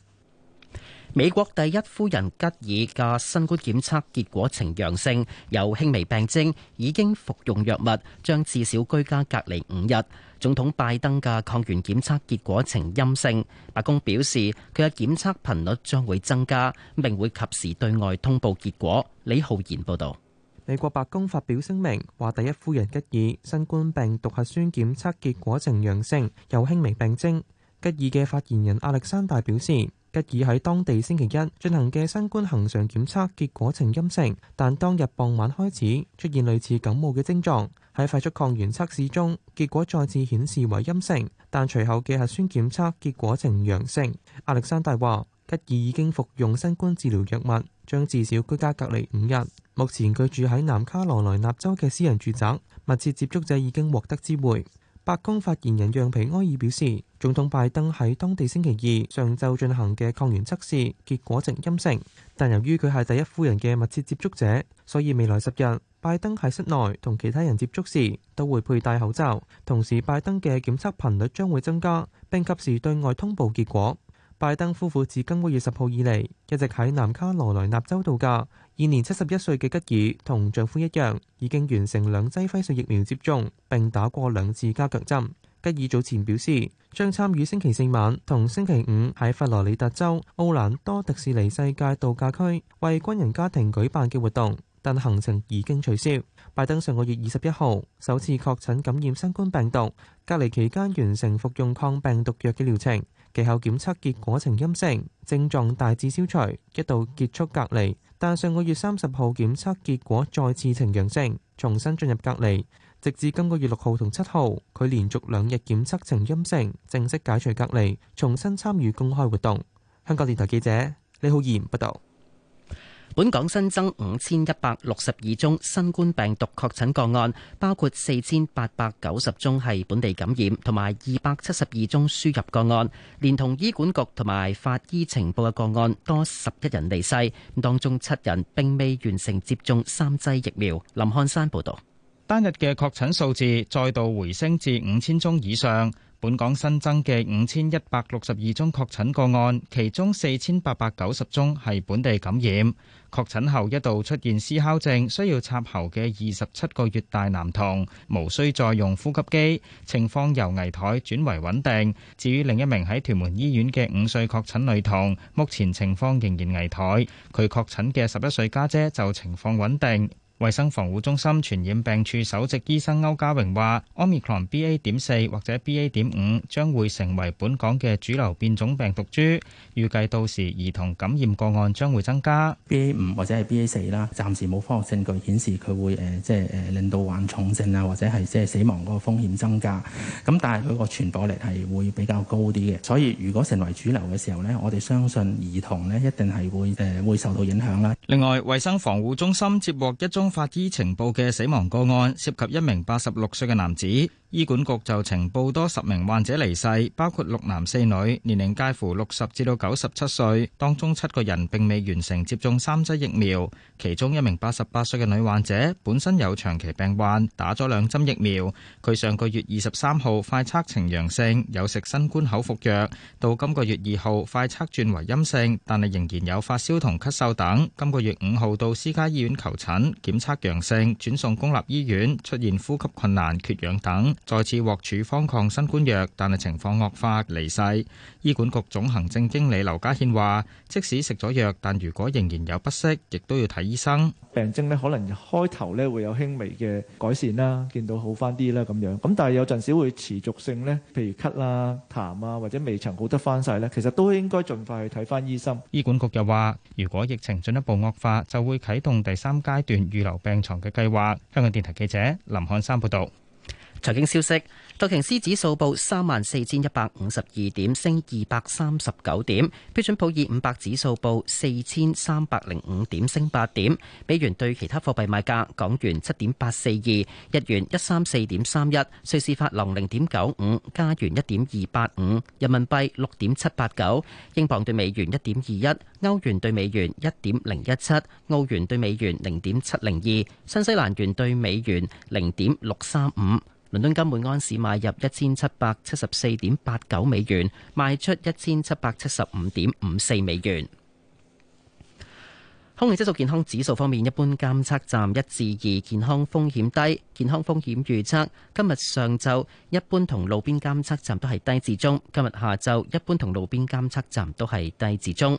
美國第一夫人吉爾嘅新冠檢測結果呈陽性，有輕微病徵，已經服用藥物，將至少居家隔離五日。總統拜登嘅抗原檢測結果呈陰性，白宮表示佢嘅檢測頻率將會增加，並會及時對外通報結果。李浩然報導。美國白宮發表聲明話，第一夫人吉爾新冠病毒核酸檢測結果呈陽性，有輕微病徵。吉爾嘅發言人亞歷山大表示。吉爾喺當地星期一進行嘅新冠恒常檢測結果呈陰性，但當日傍晚開始出現類似感冒嘅症狀，喺快速抗原測試中結果再次顯示為陰性，但隨後嘅核酸檢測結果呈陽性。亞歷山大話：吉爾已經服用新冠治療藥物，將至少居家隔離五日。目前佢住喺南卡羅來納州嘅私人住宅，密切接觸者已經獲得知會。白宮發言人讓皮埃爾表示，總統拜登喺當地星期二上晝進行嘅抗原測試結果呈陰性，但由於佢係第一夫人嘅密切接觸者，所以未來十日拜登喺室內同其他人接觸時都會佩戴口罩。同時，拜登嘅檢測頻率將會增加，並及時對外通報結果。拜登夫婦自今個月十號以嚟，一直喺南卡羅來納州度假。現年七十一歲嘅吉爾同丈夫一樣，已經完成兩劑輝瑞疫苗接種，並打過兩次加強針。吉爾早前表示，將參與星期四晚同星期五喺佛羅里達州奧蘭多迪士尼世界度假區為軍人家庭舉辦嘅活動，但行程已經取消。拜登上個月二十一號首次確診感染新冠病毒，隔離期間完成服用抗病毒藥嘅療程。其後檢測結果呈陰性，症狀大致消除，一度結束隔離。但上個月三十號檢測結果再次呈陽性，重新進入隔離。直至今個月六號同七號，佢連續兩日檢測呈陰性，正式解除隔離，重新參與公開活動。香港電台記者李浩然報道。本港新增五千一百六十二宗新冠病毒確診個案，包括四千八百九十宗係本地感染，同埋二百七十二宗輸入個案，連同醫管局同埋法醫情報嘅個案，多十一人離世。當中七人並未完成接種三劑疫苗。林漢山報道，單日嘅確診數字再度回升至五千宗以上。本港新增嘅五千一百六十二宗確診個案，其中四千八百九十宗係本地感染。確診後一度出現思考症，需要插喉嘅二十七個月大男童，無需再用呼吸機，情況由危殆轉為穩定。至於另一名喺屯門醫院嘅五歲確診女童，目前情況仍然危殆。佢確診嘅十一歲家姐，姐就情況穩定。衛生防護中心傳染病處首席醫生歐家榮話，Omicron BA.4 或者 BA.5 將會成為本港嘅主流變種病毒株，預計到時兒童感染個案將會增加。BA.5 或者係 BA.4 啦，暫時冇科學證據顯示佢會誒，即係誒令到患重症啊或者係即係死亡嗰個風險增加，咁但係佢個傳播力係會比較高啲嘅，所以如果成為主流嘅時候呢，我哋相信兒童呢一定係會誒、呃、會受到影響啦。另外，衛生防護中心接獲一宗。法醫情報嘅死亡個案，涉及一名八十六歲嘅男子。醫管局就呈報多十名患者離世，包括六男四女，年齡介乎六十至到九十七歲。當中七個人並未完成接種三劑疫苗。其中一名八十八歲嘅女患者本身有長期病患，打咗兩針疫苗。佢上個月二十三號快測呈陽性，有食新冠口服藥，到今個月二號快測轉為陰性，但係仍然有發燒同咳嗽等。今個月五號到私家醫院求診，檢測陽性，轉送公立醫院，出現呼吸困難、缺氧等。再次獲處方抗新冠藥，但係情況惡化離世。醫管局總行政經理劉家獻話，即使食咗藥，但如果仍然有不適，亦都要睇醫生。病徵咧，可能開頭咧會有輕微嘅改善啦，見到好翻啲啦咁樣。咁但係有陣時會持續性咧，譬如咳啊、痰啊或者未曾好得翻曬咧，其實都應該盡快去睇翻醫生。醫管局又話，如果疫情進一步惡化，就會啟動第三階段預留病牀嘅計劃。香港電台記者林漢山報導。財經消息：道瓊斯指數報三萬四千一百五十二點，升二百三十九點；標準普爾五百指數報四千三百零五點，升八點。美元對其他貨幣賣價：港元七點八四二，日元一三四點三一，瑞士法郎零點九五，加元一點二八五，人民幣六點七八九，英鎊對美元一點二一，歐元對美元一點零一七，澳元對美元零點七零二，新西蘭元對美元零點六三五。倫敦金每安士買入一千七百七十四點八九美元，賣出一千七百七十五點五四美元。空氣質素健康指數方面，一般監測站一至二，健康風險低。健康風險預測：今日上晝一般同路邊監測站都係低至中；今日下晝一般同路邊監測站都係低至中。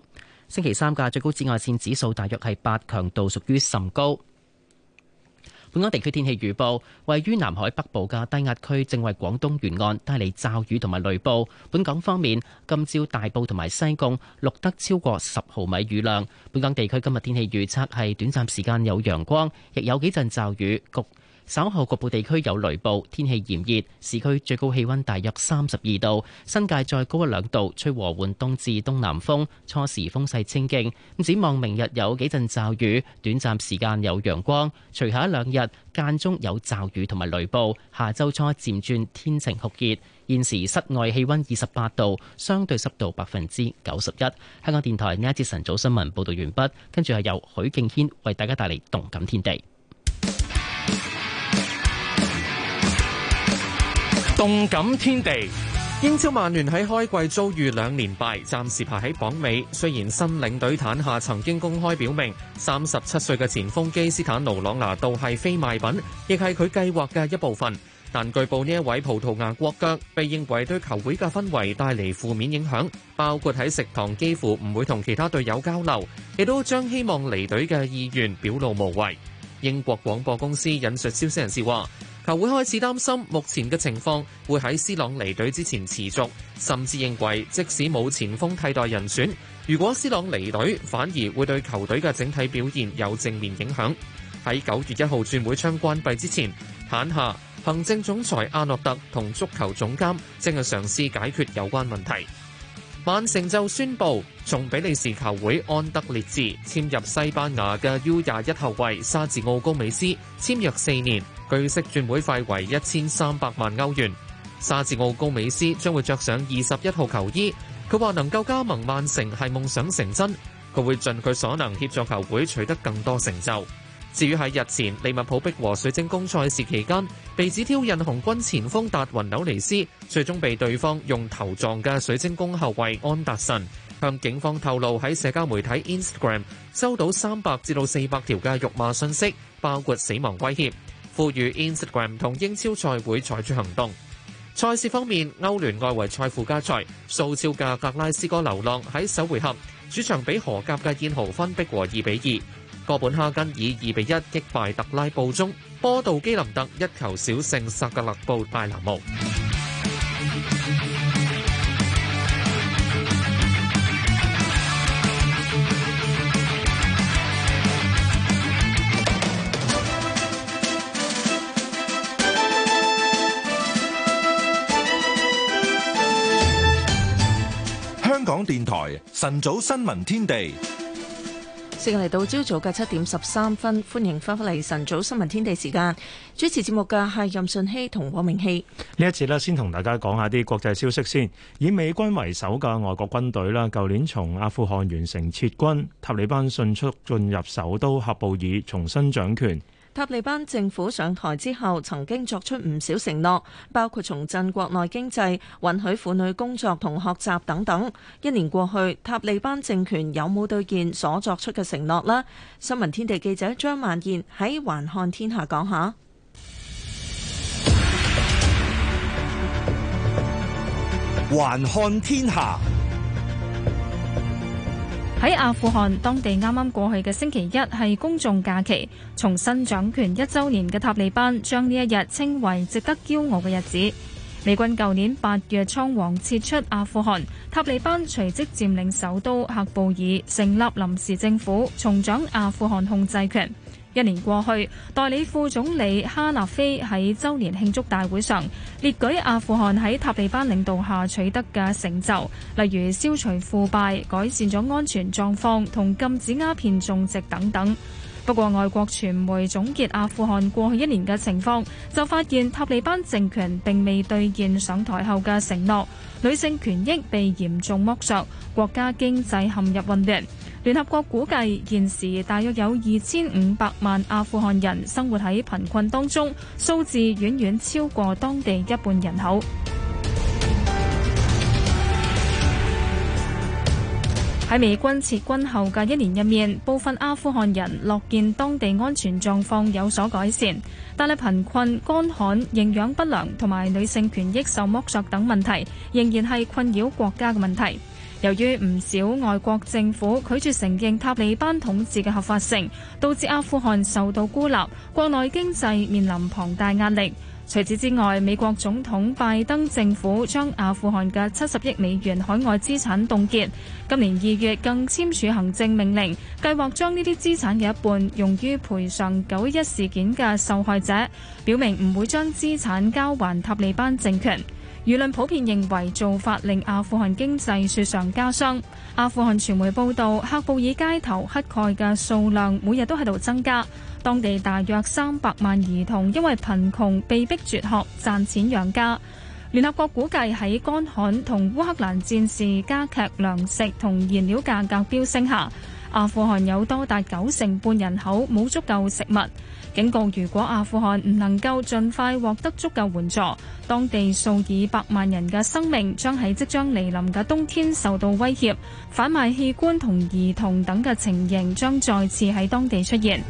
星期三嘅最高紫外線指數大約係八強度，屬於甚高。本港地區天氣預報：位於南海北部嘅低壓區正為廣東沿岸帶嚟驟雨同埋雷暴。本港方面，今朝大埔同埋西貢錄得超過十毫米雨量。本港地區今日天氣預測係短暫時間有陽光，亦有幾陣驟雨。局稍後局部地區有雷暴，天氣炎熱，市區最高氣温大約三十二度，新界再高一兩度，吹和緩東至東南風，初時風勢清勁。咁展望明日有幾陣驟雨，短暫時間有陽光，隨後一兩日間中有驟雨同埋雷暴，下周初漸轉天晴酷熱。現時室外氣温二十八度，相對濕度百分之九十一。香港電台呢一節晨早新聞報道完畢，跟住係由許敬軒為大家帶嚟動感天地。動感天地，英超曼聯喺開季遭遇兩連敗，暫時排喺榜尾。雖然新領隊坦夏曾經公開表明，三十七歲嘅前鋒基斯坦奴·朗拿度係非賣品，亦係佢計劃嘅一部分。但據報呢一位葡萄牙國腳被認為對球會嘅氛圍帶嚟負面影響，包括喺食堂幾乎唔會同其他隊友交流，亦都將希望離隊嘅意願表露無遺。英國廣播公司引述消息人士話。球會開始擔心，目前嘅情況會喺斯朗離隊之前持續，甚至認為即使冇前鋒替代人選，如果斯朗離隊，反而會對球隊嘅整體表現有正面影響。喺九月一號轉會窗關閉之前，眼下行政總裁阿諾特同足球總監正係嘗試解決有關問題。曼城就宣布從比利時球會安德烈治簽入西班牙嘅 U 廿一後衛沙治奧高美斯，簽約四年。據悉轉會費為一千三百萬歐元。沙治奧高美斯將會着上二十一號球衣。佢話能夠加盟曼城係夢想成真，佢會盡佢所能協助球會取得更多成就。至於喺日前利物浦逼和水晶宮賽事期間，被指挑釁紅軍前鋒達雲紐尼斯，最終被對方用頭撞嘅水晶宮後衛安達臣向警方透露喺社交媒體 Instagram 收到三百至到四百條嘅辱罵信息，包括死亡威脅。呼籲 Instagram 同英超賽會採取行動。賽事方面，歐聯外圍賽附加賽，蘇超嘅格拉斯哥流浪喺首回合主場比荷甲嘅燕豪芬逼和二比二，哥本哈根以二比一擊敗特拉布宗，波道基林特一球小勝薩格勒布戴拿模。香港電台晨早新聞天地，日時間嚟到朝早嘅七點十三分，歡迎翻返嚟晨早新聞天地時間，主持節目嘅係任順熙同黃明熙。呢一次呢，先同大家講下啲國際消息先。以美軍為首嘅外國軍隊咧，舊年從阿富汗完成撤軍，塔利班迅速進入首都喀布爾，重新掌權。塔利班政府上台之後，曾經作出唔少承諾，包括重振國內經濟、允許婦女工作同學習等等。一年過去，塔利班政權有冇兌現所作出嘅承諾呢？新聞天地記者張曼燕喺《還看天下》講下，《還看天下》。喺阿富汗當地啱啱過去嘅星期一係公眾假期，重新掌權一周年嘅塔利班將呢一日稱為值得驕傲嘅日子。美軍舊年八月倉皇撤出阿富汗，塔利班隨即佔領首都喀布爾，成立臨時政府，重掌阿富汗控制權。一年過去，代理副總理哈納菲喺周年慶祝大會上列舉阿富汗喺塔利班領導下取得嘅成就，例如消除腐敗、改善咗安全狀況同禁止鴉片種植等等。不過，外國傳媒總結阿富汗過去一年嘅情況，就發現塔利班政權並未兌現上台後嘅承諾，女性權益被嚴重剝削，國家經濟陷入混亂。聯合國估計，現時大約有二千五百萬阿富汗人生活喺貧困當中，數字遠遠超過當地一半人口。喺美 軍撤軍後嘅一年入面，部分阿富汗人樂見當地安全狀況有所改善，但係貧困、乾旱、營養不良同埋女性權益受剝削等問題，仍然係困擾國家嘅問題。由於唔少外國政府拒絕承認塔利班統治嘅合法性，導致阿富汗受到孤立，國內經濟面臨龐大壓力。除此之外，美國總統拜登政府將阿富汗嘅七十億美元海外資產凍結，今年二月更簽署行政命令，計劃將呢啲資產嘅一半用於賠償九一事件嘅受害者，表明唔會將資產交還塔利班政權。輿論普遍認為做法令阿富汗經濟雪上加霜。阿富汗傳媒報道，克布爾街頭乞丐嘅數量每日都喺度增加。當地大約三百萬兒童因為貧窮被逼輟學賺錢養家。聯合國估計喺乾旱同烏克蘭戰事加劇糧食同燃料價格飆升下，阿富汗有多達九成半人口冇足夠食物。警告：如果阿富汗唔能夠盡快獲得足夠援助，當地數以百萬人嘅生命將喺即將嚟臨嘅冬天受到威脅。販賣器官同兒童等嘅情形將再次喺當地出現。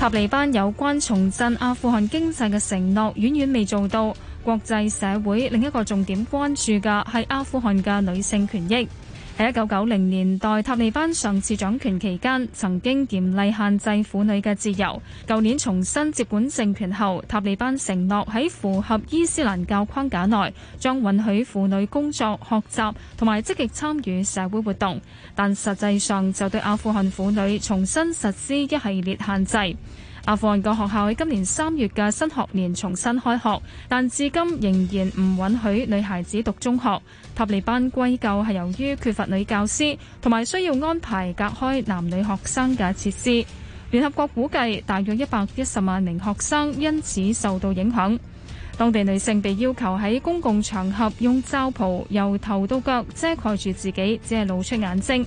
塔利班有關重振阿富汗經濟嘅承諾，遠遠未做到。國際社會另一個重點關注嘅係阿富汗嘅女性權益。喺一九九零年代，塔利班上次掌權期間，曾經嚴厲限制婦女嘅自由。舊年重新接管政權後，塔利班承諾喺符合伊斯蘭教框架內，將允許婦女工作、學習同埋積極參與社會活動，但實際上就對阿富汗婦女重新實施一系列限制。阿富汗各學校喺今年三月嘅新學年重新開學，但至今仍然唔允許女孩子讀中學。塔利班歸咎係由於缺乏女教師，同埋需要安排隔開男女學生嘅設施。聯合國估計大約一百一十萬名學生因此受到影響。當地女性被要求喺公共場合用罩袍由頭到腳遮蓋住自己，只係露出眼睛。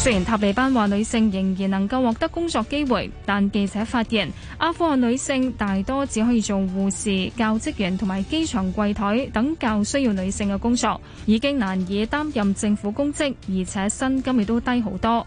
雖然塔利班話女性仍然能夠獲得工作機會，但記者發現阿富汗女性大多只可以做護士、教職員同埋機場櫃台等較需要女性嘅工作，已經難以擔任政府公職，而且薪金亦都低好多。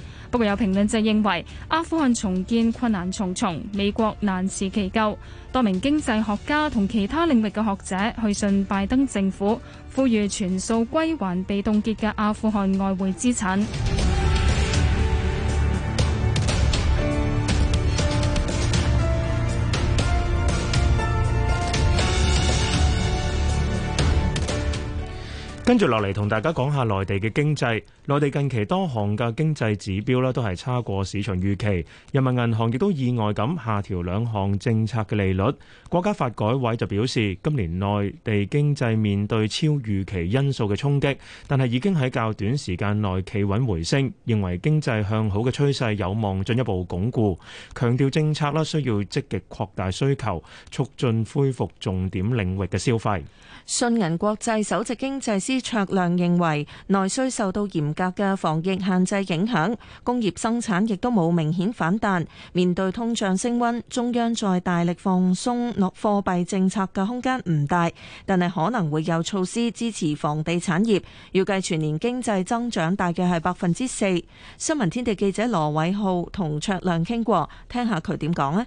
不過有評論就認為阿富汗重建困難重重，美國難辭其咎。多名經濟學家同其他領域嘅學者去信拜登政府，呼籲全數歸還被凍結嘅阿富汗外匯資產。跟住落嚟，同大家講下內地嘅經濟。內地近期多項嘅經濟指標咧，都係差過市場預期。人民銀行亦都意外咁下調兩項政策嘅利率。國家發改委就表示，今年內地經濟面對超預期因素嘅衝擊，但係已經喺較短時間內企穩回升，認為經濟向好嘅趨勢有望進一步鞏固。強調政策啦，需要積極擴大需求，促進恢復重點領域嘅消費。信銀國際首席經濟師卓亮認為，內需受到嚴格嘅防疫限制影響，工業生產亦都冇明顯反彈。面對通脹升溫，中央再大力放鬆落貨幣政策嘅空間唔大，但係可能會有措施支持房地產業。預計全年經濟增長大約係百分之四。新聞天地記者羅偉浩同卓亮傾過，聽下佢點講咧。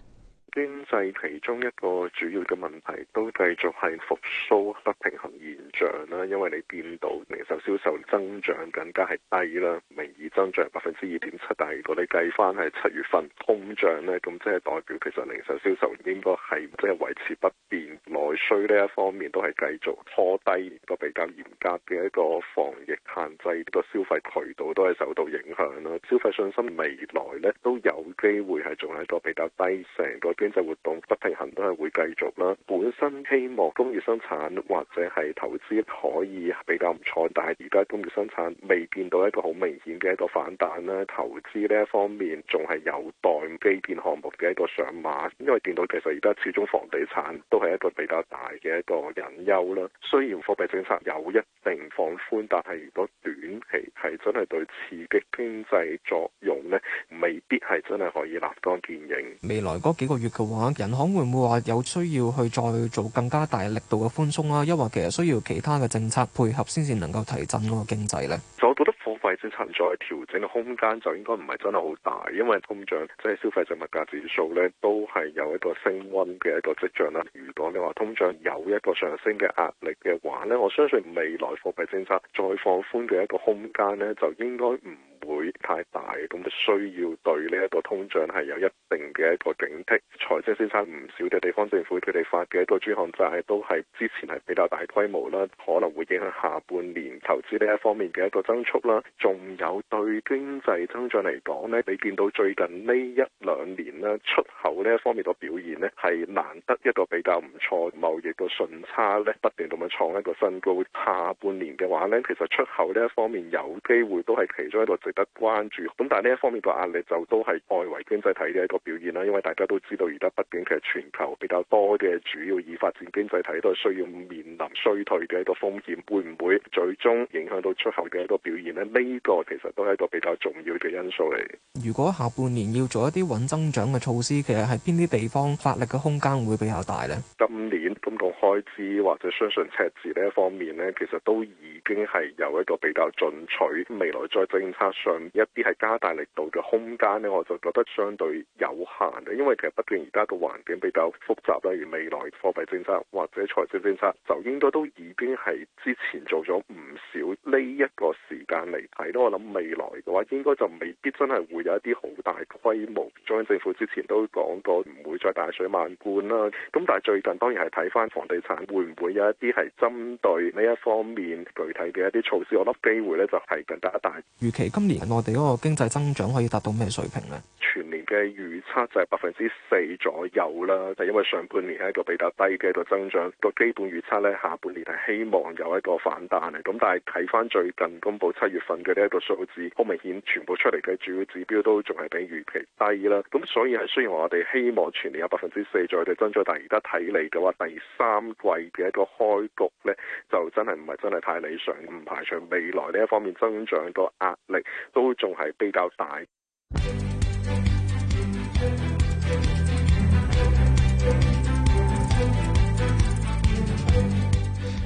經濟其中一個主要嘅問題都繼續係復甦不平衡現象啦，因為你見到零售銷售增長更加係低啦，名義增長百分之二點七，但係如果你計翻係七月份通脹咧，咁即係代表其實零售銷售應該係即係維持不變，內需呢一方面都係繼續拖低，個比較嚴格嘅一個防疫限制，個消費渠道都係受到影響啦。消費信心未來咧都有機會係仲喺個比較低成個。經濟活動不平衡都係會繼續啦。本身希望工業生產或者係投資可以比較唔錯，但係而家工業生產未見到一個好明顯嘅一個反彈啦。投資呢一方面仲係有待基建項目嘅一個上馬，因為見到其實而家始終房地產都係一個比較大嘅一個隱憂啦。雖然貨幣政策有一定放寬，但係如果短期係真係對刺激經濟作用呢，未必係真係可以立竿見影。未來嗰幾個月嘅話，人行會唔會話有需要去再做更加大力度嘅寬鬆啊？抑或其實需要其他嘅政策配合，先至能夠提振個經濟呢？就我覺得貨幣政策再調整嘅空間就應該唔係真係好大，因為通脹即係消費者物價指數呢，都係有一個升溫嘅一個跡象啦。如果你話通脹有一個上升嘅壓力嘅話呢，我相信未來貨幣政策再放寬嘅一個空間呢，就應該唔會太大，咁就需要對呢一個通脹係有一定嘅一個警惕。財政先生唔少嘅地方政府佢哋發嘅一個專項債都係之前係比較大規模啦，可能會影響下半年投資呢一方面嘅一個增速啦。仲有對經濟增長嚟講咧，你見到最近呢一兩年咧出口呢一方面個表現咧係難得一個比較唔錯，貿易個順差咧不斷咁樣創一個新高。下半年嘅話咧，其實出口呢一方面有機會都係其中一個值得關注，咁但係呢一方面嘅壓力就都係外圍經濟體嘅一個表現啦。因為大家都知道，而家畢竟其實全球比較多嘅主要已發展經濟體都係需要面臨衰退嘅一個風險，會唔會最終影響到出口嘅一個表現呢？呢個其實都係一個比較重要嘅因素嚟。如果下半年要做一啲穩增長嘅措施，其實係邊啲地方發力嘅空間會比較大呢？今年公共開支或者相信赤字呢一方面呢，其實都已經係有一個比較進取，未來再政策。上一啲係加大力度嘅空間咧，我就覺得相對有限嘅，因為其實畢竟而家個環境比較複雜，例如未來貨幣政策或者財政政策，就應該都已經係之前做咗唔少呢一個時間嚟睇啦。我諗未來嘅話，應該就未必真係會有一啲好大規模。中央政府之前都講過唔會再大水漫灌啦。咁但係最近當然係睇返房地產會唔會有一啲係針對呢一方面具體嘅一啲措施，我諗機會呢就係更加大。預期今年。內地嗰個經濟增長可以達到咩水平呢？全年嘅預測就係百分之四左右啦，就因為上半年係一個比較低嘅一個增長，個基本預測呢，下半年係希望有一個反彈嘅。咁但係睇翻最近公布七月份嘅呢一個數字，好明顯全部出嚟嘅主要指標都仲係比預期低啦。咁所以係雖然話我哋希望全年有百分之四左右嘅增長，但係而家睇嚟嘅話，第三季嘅一個開局呢，就真係唔係真係太理想，唔排除未來呢一方面增長個壓力。都仲係比較大。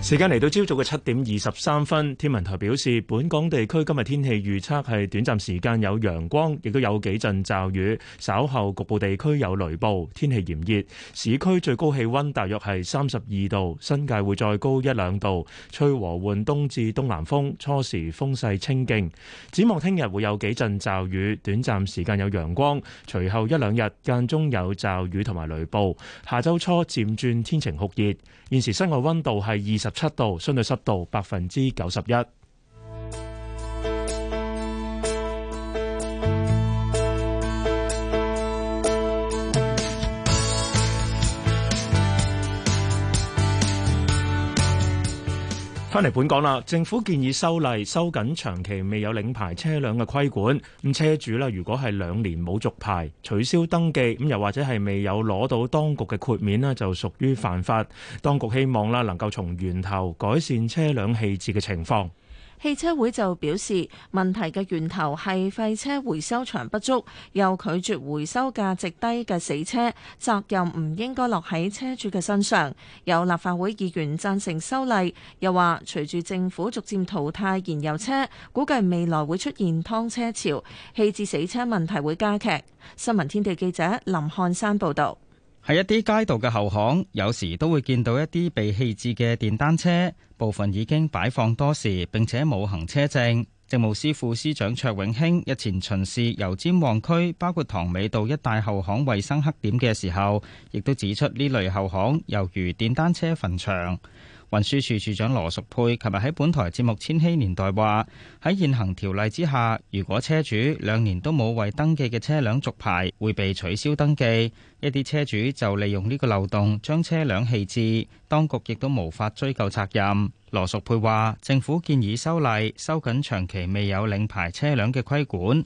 時間嚟到朝早嘅七點二十三分，天文台表示，本港地區今日天氣預測係短暫時間有陽光，亦都有幾陣驟雨，稍後局部地區有雷暴，天氣炎熱。市區最高氣温大約係三十二度，新界會再高一兩度。吹和緩東至東南風，初時風勢清勁。展望聽日會有幾陣驟雨，短暫時間有陽光，隨後一兩日間中有驟雨同埋雷暴。下周初漸轉天晴酷熱。現時室外温度係二十。七度，相對濕度百分之九十一。翻嚟本港啦，政府建議修例收緊長期未有領牌車輛嘅規管。咁車主啦，如果係兩年冇續牌，取消登記，咁又或者係未有攞到當局嘅豁免咧，就屬於犯法。當局希望啦，能夠從源頭改善車輛棄置嘅情況。汽車會就表示，問題嘅源頭係廢車回收場不足，又拒絕回收價值低嘅死車，責任唔應該落喺車主嘅身上。有立法會議員贊成修例，又話隨住政府逐漸淘汰燃油車，估計未來會出現劏車潮，棄置死車問題會加劇。新聞天地記者林漢山報導。喺一啲街道嘅後巷，有時都會見到一啲被棄置嘅電單車。部分已經擺放多時，並且冇行車證。政務司副司長卓永興日前巡視油尖旺區包括塘尾道一帶後巷衞生黑點嘅時候，亦都指出呢類後巷猶如電單車墳場。運輸署署長羅淑佩琴日喺本台節目《千禧年代》話：喺現行條例之下，如果車主兩年都冇為登記嘅車輛續牌，會被取消登記。一啲車主就利用呢個漏洞將車輛棄置，當局亦都無法追究責任。羅淑佩話：政府建議修例，收緊長期未有領牌車輛嘅規管，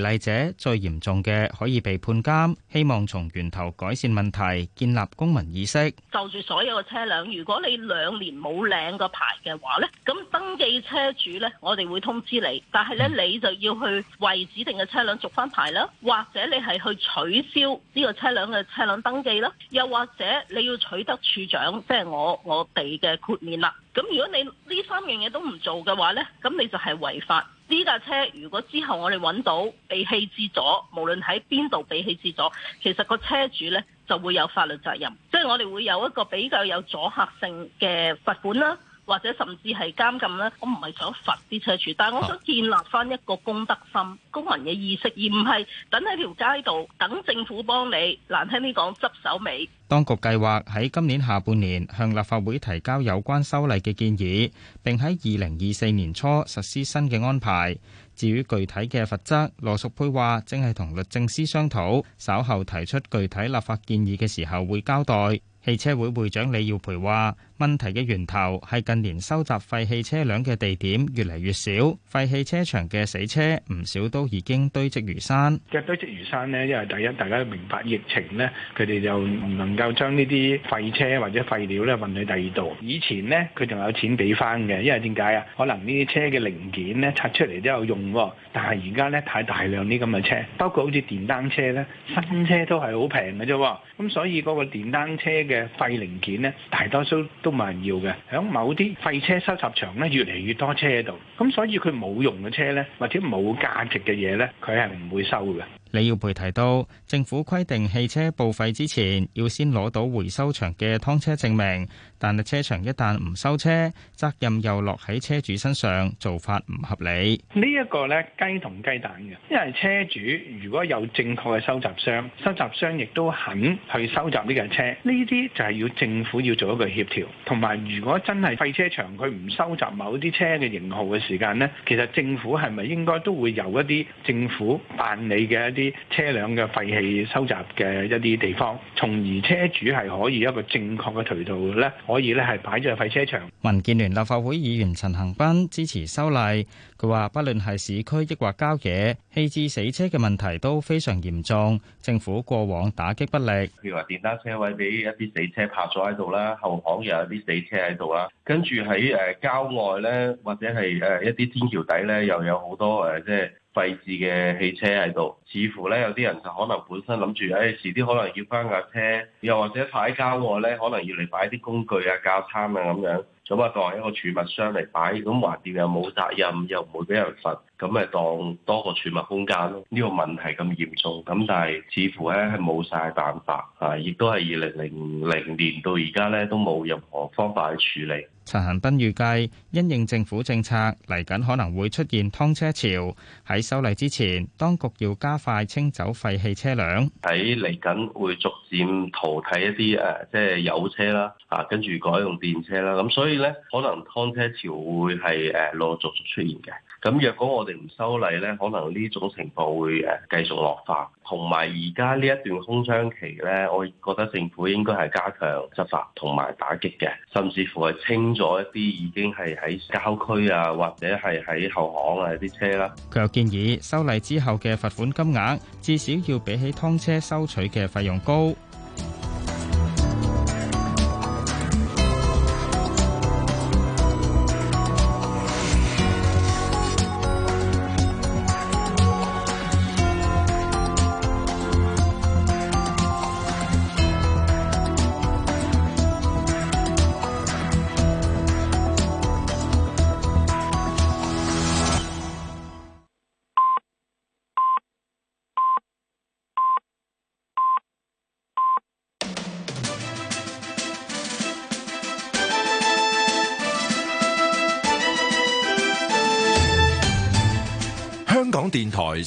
違例者最嚴重嘅可以被判監。希望從源頭改善問題，建立公民意識。就住所有嘅車輛，如果你兩年冇領個牌嘅話呢，咁登記車主呢，我哋會通知你，但係呢你就要去為指定嘅車輛續翻牌啦，或者你係去取消呢個車輛嘅車輛登記啦，又或者你要取得處長，即係我我哋嘅豁免啦。咁如果你呢三樣嘢都唔做嘅話呢，咁你就係違法。呢架車如果之後我哋揾到被棄置咗，無論喺邊度被棄置咗，其實個車主呢就會有法律責任，即係我哋會有一個比較有阻嚇性嘅罰款啦。或者甚至係監禁咧，我唔係想罰啲車主，但係我想建立翻一個公德心、公民嘅意識，而唔係等喺條街度等政府幫你。難聽啲講執手尾。當局計劃喺今年下半年向立法會提交有關修例嘅建議，並喺2024年初實施新嘅安排。至於具體嘅罰則，羅淑佩話正係同律政司商討，稍後提出具體立法建議嘅時候會交代。汽車會會長李耀培話。問題嘅源頭係近年收集廢棄車輛嘅地點越嚟越少，廢棄車場嘅死車唔少都已經堆積如山。即堆積如山呢，因為第一大家明白疫情呢，佢哋就唔能夠將呢啲廢車或者廢料呢運去第二度。以前呢，佢仲有錢俾翻嘅，因為點解啊？可能呢啲車嘅零件呢拆出嚟都有用喎。但係而家呢，太大量啲咁嘅車，包括好似電單車呢，新車都係好平嘅啫。咁所以嗰個電單車嘅廢零件呢，大多數。都冇人要嘅，響某啲廢車收集場咧，越嚟越多車喺度，咁所以佢冇用嘅車咧，或者冇價值嘅嘢咧，佢係唔會收嘅。李耀培提到，政府規定汽車報廢之前要先攞到回收場嘅㓥車證明，但係車場一旦唔收車責任又落喺車主身上，做法唔合理。呢一個咧雞同雞蛋嘅，因為車主如果有正確嘅收集商，收集商亦都肯去收集呢架車呢啲就係要政府要做一個協調，同埋，如果真係廢車場佢唔收集某啲車嘅型號嘅時間咧，其實政府係咪應該都會有一啲政府辦理嘅一啲。車輛嘅廢氣收集嘅一啲地方，從而車主係可以一個正確嘅渠道咧，可以咧係擺在廢車場。民建聯立法會議員陳恆斌支持修例，佢話不論係市區抑或郊野，棄置死車嘅問題都非常嚴重，政府過往打擊不力。譬如話電單車位俾一啲死車泊咗喺度啦，後巷又有啲死車喺度啦，跟住喺誒郊外咧，或者係誒一啲天橋底咧，又有好多誒即係。呃廢置嘅汽車喺度，似乎呢，有啲人就可能本身諗住，誒遲啲可能要翻架車，又或者喺郊外呢可能要嚟擺啲工具啊、架餐啊咁樣。咁啊，當一個儲物箱嚟擺，咁橫掂又冇責任，又唔會俾人罰，咁咪當多個儲物空間咯。呢個問題咁嚴重，咁但係似乎咧係冇晒辦法，啊，亦都係二零零零年到而家咧都冇任何方法去處理。陳恆斌預計因應政府政策，嚟緊可能會出現湯車潮。喺修例之前，當局要加快清走廢棄車輛，喺嚟緊會逐漸淘汰一啲誒，即係油車啦，啊，跟住改用電車啦，咁所以。可能劏車潮會係誒陸續出現嘅，咁若果我哋唔修例呢，可能呢種情況會誒繼續惡化，同埋而家呢一段空窗期呢，我覺得政府應該係加強執法同埋打擊嘅，甚至乎係清咗一啲已經係喺郊區啊或者係喺後巷啊啲車啦。佢又建議修例之後嘅罰款金額至少要比起劏車收取嘅費用高。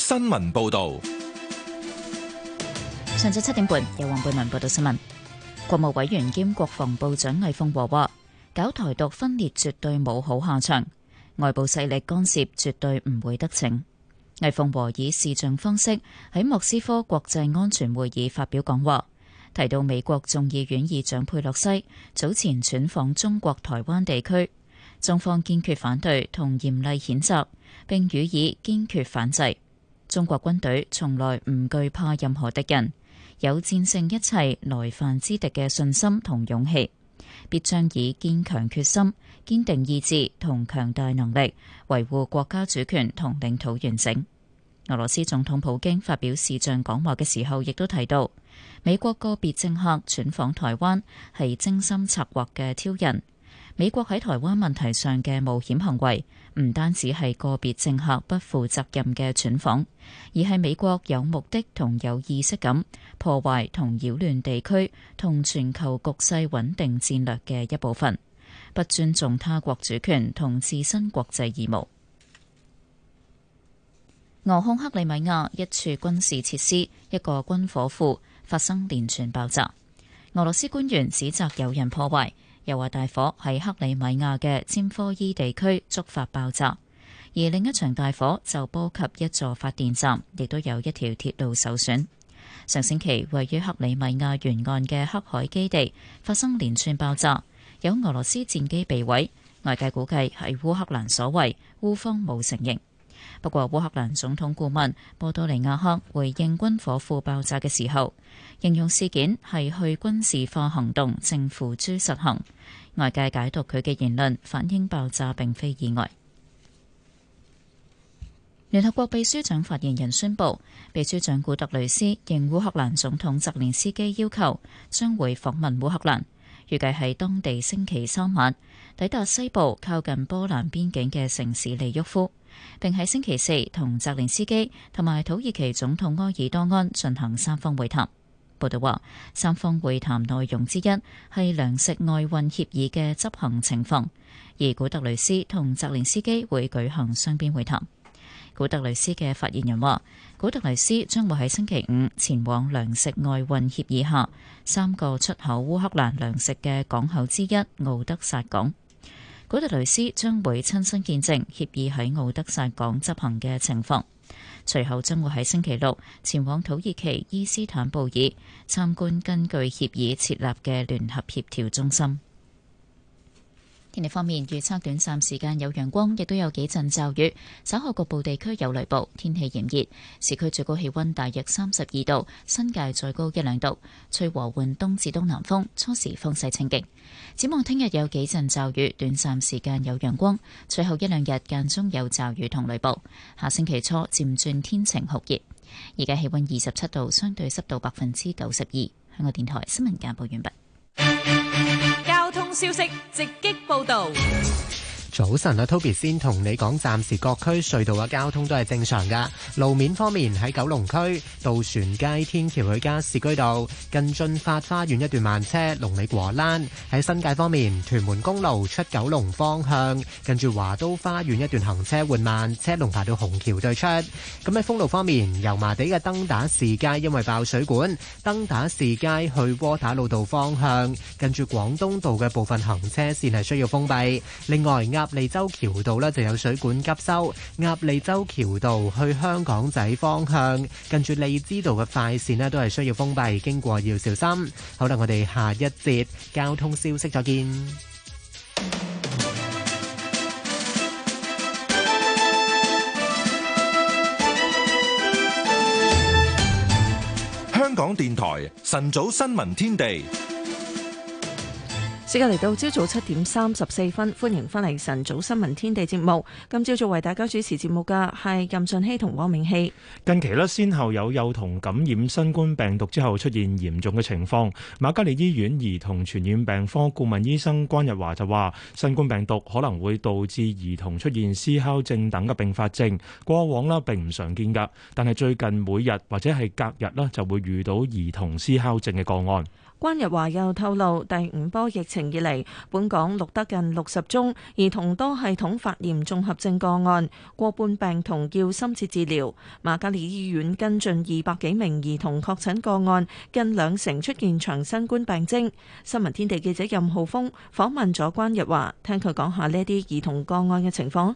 新聞報道，上晝七點半，有黃貝文報道新聞。國務委員兼國防部長魏鳳和話，搞台獨分裂絕對冇好下場，外部勢力干涉絕對唔會得逞。魏鳳和以視像方式喺莫斯科國際安全會議發表講話，提到美國眾議院議長佩洛西早前竄訪中國台灣地區，中方堅決反對同嚴厲譴責，並予以堅決反制。中國軍隊從來唔懼怕任何敵人，有戰勝一切來犯之敵嘅信心同勇氣，必將以堅強決心、堅定意志同強大能力維護國家主權同領土完整。俄羅斯總統普京發表視像講話嘅時候，亦都提到美國個別政客轉訪台灣係精心策劃嘅挑釁，美國喺台灣問題上嘅冒險行為，唔單止係個別政客不負責任嘅竄訪，而係美國有目的同有意識咁破壞同擾亂地區同全球局勢穩定戰略嘅一部分，不尊重他國主權同自身國際義務。俄控克里米亞一處軍事設施一個軍火庫發生連串爆炸，俄羅斯官員指責有人破壞。又話大火喺克里米亞嘅詹科伊地區觸發爆炸，而另一場大火就波及一座發電站，亦都有一條鐵路受損。上星期位於克里米亞沿岸嘅黑海基地發生連串爆炸，有俄羅斯戰機被毀，外界估計係烏克蘭所為，烏方冇承認。不過烏克蘭總統顧問波多利亞克回應軍火庫爆炸嘅時候，形容事件係去軍事化行動，正付諸實行。外界解讀佢嘅言論，反映爆炸並非意外。聯合國秘書長發言人宣布，秘書長古特雷斯應烏克蘭總統澤連斯基要求，將會訪問烏克蘭，預計喺當地星期三晚，抵達西部靠近波蘭邊境嘅城市利沃夫。並喺星期四同澤連斯基同埋土耳其總統埃爾多安進行三方會談。報道話，三方會談內容之一係糧食外運協議嘅執行情況，而古特雷斯同澤連斯基會舉行雙邊會談。古特雷斯嘅發言人話，古特雷斯將會喺星期五前往糧食外運協議下三個出口烏克蘭糧食嘅港口之一奧德薩港。古特雷斯將會親身見證協議喺奧德薩港執行嘅情況，隨後將會喺星期六前往土耳其伊斯坦布爾參觀根據協議設立嘅聯合協調中心。天氣方面預測，短暫時間有陽光，亦都有幾陣驟雨，稍後局部地區有雷暴。天氣炎熱，市區最高氣溫大約三十二度，新界再高一兩度。吹和緩東至東南風，初時風勢清勁。展望聽日有幾陣驟雨，短暫時間有陽光，隨後一兩日間中有驟雨同雷暴。下星期初漸轉天晴酷熱。而家氣溫二十七度，相對濕度百分之九十二。香港電台新聞簡報完畢。交通消息，直擊報道。早晨啊，Toby 先同你講，暫時各區隧道嘅交通都係正常噶。路面方面喺九龍區渡船街天橋去加士居道近駿發花園一段慢車，龍尾果欄；喺新界方面，屯門公路出九龍方向近住華都花園一段行車緩慢，車龍排到紅橋對出。咁喺封路方面，油麻地嘅登打士街因為爆水管，登打士街去窩打老道方向近住廣東道嘅部分行車線係需要封閉。另外，壓鴨脷洲橋道咧就有水管急修，鴨脷洲橋道去香港仔方向，近住荔枝道嘅快線咧都係需要封閉，經過要小心。好啦，我哋下一節交通消息再見。香港電台晨早新聞天地。時間嚟到朝早七點三十四分，歡迎翻嚟晨早新聞天地節目。今朝做為大家主持節目嘅係任俊熙同汪明熙。近期呢，先後有幼童感染新冠病毒之後出現嚴重嘅情況。瑪嘉烈醫院兒童傳染病科顧問醫生關日華就話，新冠病毒可能會導致兒童出現思考症等嘅併發症，過往咧並唔常見噶，但係最近每日或者係隔日呢，就會遇到兒童思考症嘅個案。關日華又透露，第五波疫情以嚟，本港錄得近六十宗兒童多系統發炎綜合症個案，過半病童要深切治療。瑪嘉烈醫院跟進二百幾名兒童確診個案，近兩成出現長新冠病徵。新聞天地記者任浩峰訪問咗關日華，聽佢講下呢啲兒童個案嘅情況。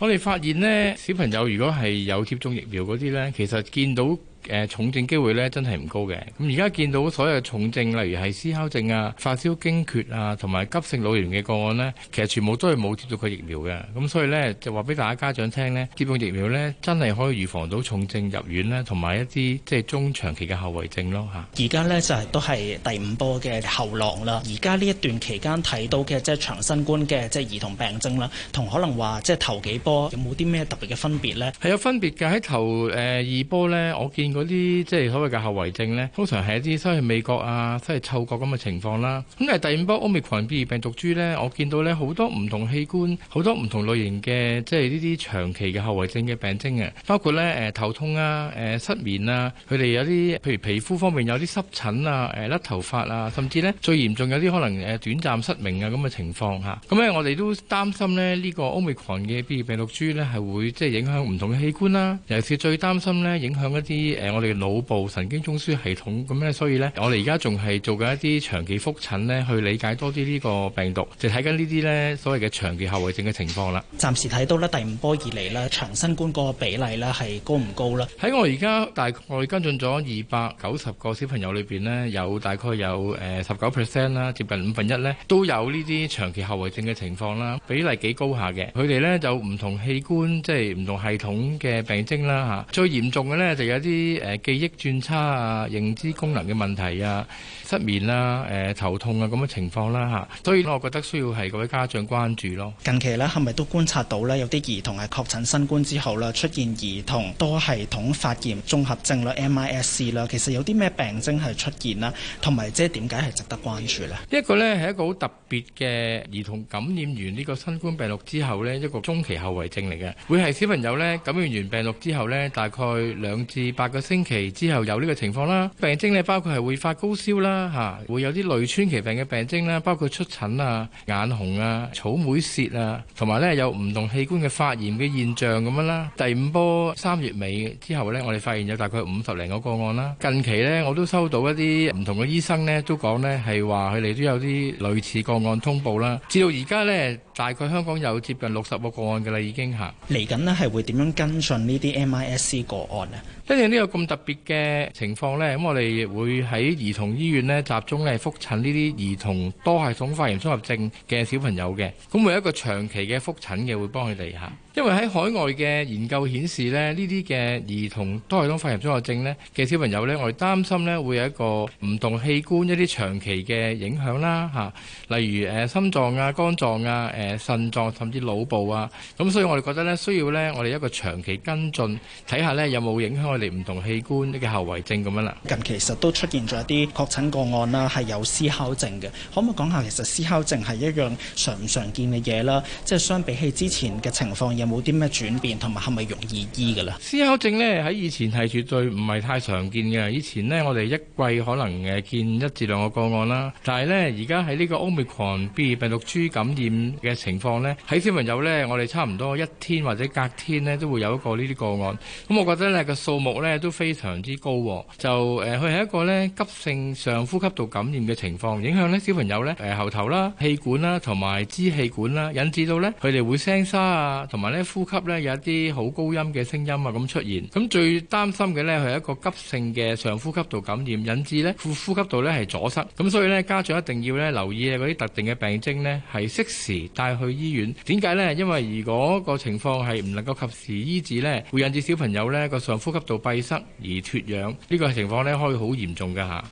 我哋發現呢，小朋友如果係有接種疫苗嗰啲呢，其實見到。誒重症機會咧真係唔高嘅，咁而家見到所有重症，例如係思考症啊、發燒驚厥啊，同埋急性腦炎嘅個案呢，其實全部都係冇接到過疫苗嘅，咁所以呢，就話俾大家家長聽呢，接種疫苗呢真係可以預防到重症入院啦，同埋一啲即係中長期嘅後遺症咯嚇。而家呢，就係、是、都係第五波嘅後浪啦，而家呢一段期間睇到嘅即係長新冠嘅即係兒童病徵啦，同可能話即係頭幾波有冇啲咩特別嘅分別呢？係有分別㗎，喺頭誒二波呢，我見。嗰啲即係所謂嘅後遺症咧，通常係一啲失去味覺啊，失去嗅覺咁嘅情況啦。咁誒第五波奧密克戎變異病毒株咧，我見到咧好多唔同器官，好多唔同類型嘅即係呢啲長期嘅後遺症嘅病徵啊，包括咧誒頭痛啊、誒失眠啊，佢哋有啲譬如皮膚方面有啲濕疹啊、誒甩頭髮啊，甚至咧最嚴重有啲可能誒短暫失明啊咁嘅情況嚇。咁咧我哋都擔心咧呢個奧密克戎嘅變異病毒株咧係會即係影響唔同嘅器官啦，尤其是最擔心咧影響一啲。誒、呃，我哋嘅腦部、神經、中樞系統咁咧，所以咧，我哋而家仲係做緊一啲長期復診咧，去理解多啲呢個病毒，就睇緊呢啲咧所謂嘅長期後遺症嘅情況啦。暫時睇到咧，第五波以嚟咧，長新冠嗰個比例咧係高唔高啦？喺我而家大概我哋跟進咗二百九十個小朋友裏邊咧，有大概有誒十九 percent 啦，接近五分一咧，都有呢啲長期後遺症嘅情況啦，比例幾高下嘅。佢哋咧就唔同器官，即係唔同系統嘅病徵啦嚇。最嚴重嘅咧就有啲。啲誒記憶轉差啊、認知功能嘅問題啊、失眠啦、誒、啊呃、頭痛啊咁嘅情況啦嚇，所以我覺得需要係各位家長關注咯。近期咧係咪都觀察到咧有啲兒童係確診新冠之後咧出現兒童多系統發炎綜合症咧 （MIS-C），其實有啲咩病徵係出現啦，同埋即係點解係值得關注呢？個呢一個呢係一個好特別嘅兒童感染完呢個新冠病毒之後咧，一個中期後遺症嚟嘅，會係小朋友呢感染完病毒之後咧，大概兩至八個星期之後有呢個情況啦，病徵呢包括係會發高燒啦，嚇、啊、會有啲類川崎病嘅病徵啦，包括出疹啊、眼紅啊、草莓舌啊，同埋呢有唔同器官嘅發炎嘅現象咁樣啦。第五波三月尾之後呢，我哋發現有大概五十零個個案啦。近期呢，我都收到一啲唔同嘅醫生呢都講呢係話佢哋都有啲類似個案通報啦。至到而家呢。大概香港有接近六十個個案嘅啦，已經吓。嚟緊咧係會點樣跟進呢啲 MISC 個案啊？跟住呢個咁特別嘅情況呢。咁我哋會喺兒童醫院咧集中咧覆診呢啲兒童多系統發炎綜合症嘅小朋友嘅。咁會有一個長期嘅覆診嘅，會幫佢哋嚇。因為喺海外嘅研究顯示呢，呢啲嘅兒童多系統發炎綜合症呢嘅小朋友呢，我哋擔心呢會有一個唔同器官一啲長期嘅影響啦嚇、啊，例如誒、呃、心臟啊、肝臟啊、誒、呃、腎臟、啊、甚至腦部啊，咁、啊、所以我哋覺得呢需要呢，我哋一個長期跟進，睇下呢有冇影響我哋唔同器官嘅後遺症咁樣啦。近期其實都出現咗一啲確診個案啦，係有思考症嘅，可唔可以講下其實思考症係一樣常唔常見嘅嘢啦？即、就、係、是、相比起之前嘅情況。有冇啲咩轉變，同埋係咪容易醫㗎啦？哮吼症咧喺以前係絕對唔係太常見嘅，以前咧我哋一季可能誒見一至兩個個案啦。但係咧而家喺呢個奧密克戎 B 病毒株感染嘅情況咧，喺小朋友咧，我哋差唔多一天或者隔天咧都會有一個呢啲個案。咁我覺得咧個數目咧都非常之高，就誒佢係一個咧急性上呼吸道感染嘅情況，影響咧小朋友咧誒喉頭啦、氣管啦同埋支氣管啦，引致到咧佢哋會聲沙啊，同埋，咧呼吸咧有一啲好高音嘅聲音啊，咁出現，咁最擔心嘅咧係一個急性嘅上呼吸道感染，引致咧呼呼吸道咧係阻塞，咁所以咧家長一定要咧留意啊嗰啲特定嘅病徵咧係適時帶去醫院。點解咧？因為如果個情況係唔能夠及時醫治咧，會引致小朋友咧個上呼吸道閉塞而脫氧，呢個情況咧可以好嚴重噶吓。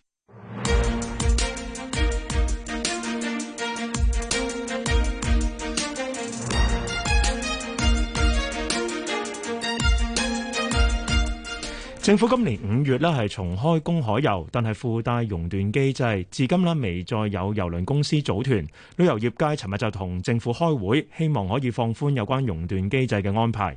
政府今年五月呢，係重開公海遊，但係附帶熔斷機制，至今呢，未再有郵輪公司組團。旅遊業界尋日就同政府開會，希望可以放寬有關熔斷機制嘅安排。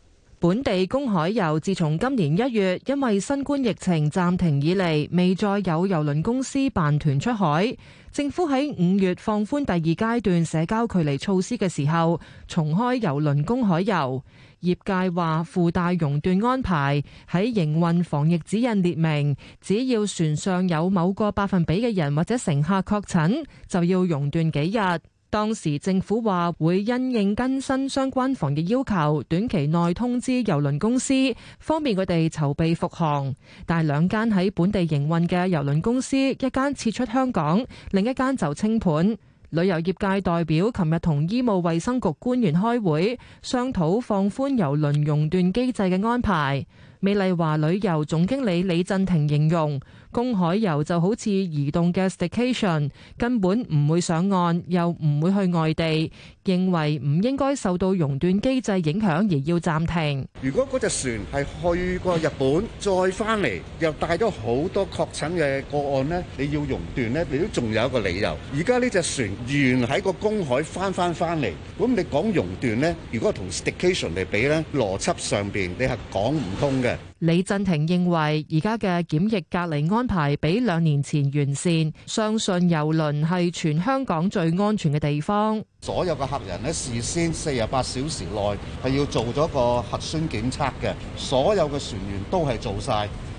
本地公海遊自從今年一月因為新冠疫情暫停以嚟，未再有郵輪公司辦團出海。政府喺五月放寬第二階段社交距離措施嘅時候，重開郵輪公海遊。業界話附帶熔斷安排喺營運防疫指引列明，只要船上有某個百分比嘅人或者乘客確診，就要熔斷幾日。當時政府話會因應更新相關防疫要求，短期內通知郵輪公司，方便佢哋籌備復航。但係兩間喺本地營運嘅郵輪公司，一間撤出香港，另一間就清盤。旅遊業界代表琴日同醫務衛生局官員開會，商討放寬郵輪熔斷機制嘅安排。美麗華旅遊總經理李振廷形容公海遊就好似移動嘅 staycation，根本唔會上岸，又唔會去外地，認為唔應該受到熔斷機制影響而要暫停。如果嗰隻船係去過日本再翻嚟，又帶咗好多確診嘅個案咧，你要熔斷咧，你都仲有一個理由。而家呢隻船原喺個公海翻翻翻嚟，咁你講熔斷咧，如果同 staycation 嚟比咧，邏輯上邊你係講唔通嘅。李振庭認為而家嘅檢疫隔離安排比兩年前完善，相信郵輪係全香港最安全嘅地方。所有嘅客人呢，事先四十八小時內係要做咗個核酸檢測嘅，所有嘅船員都係做晒。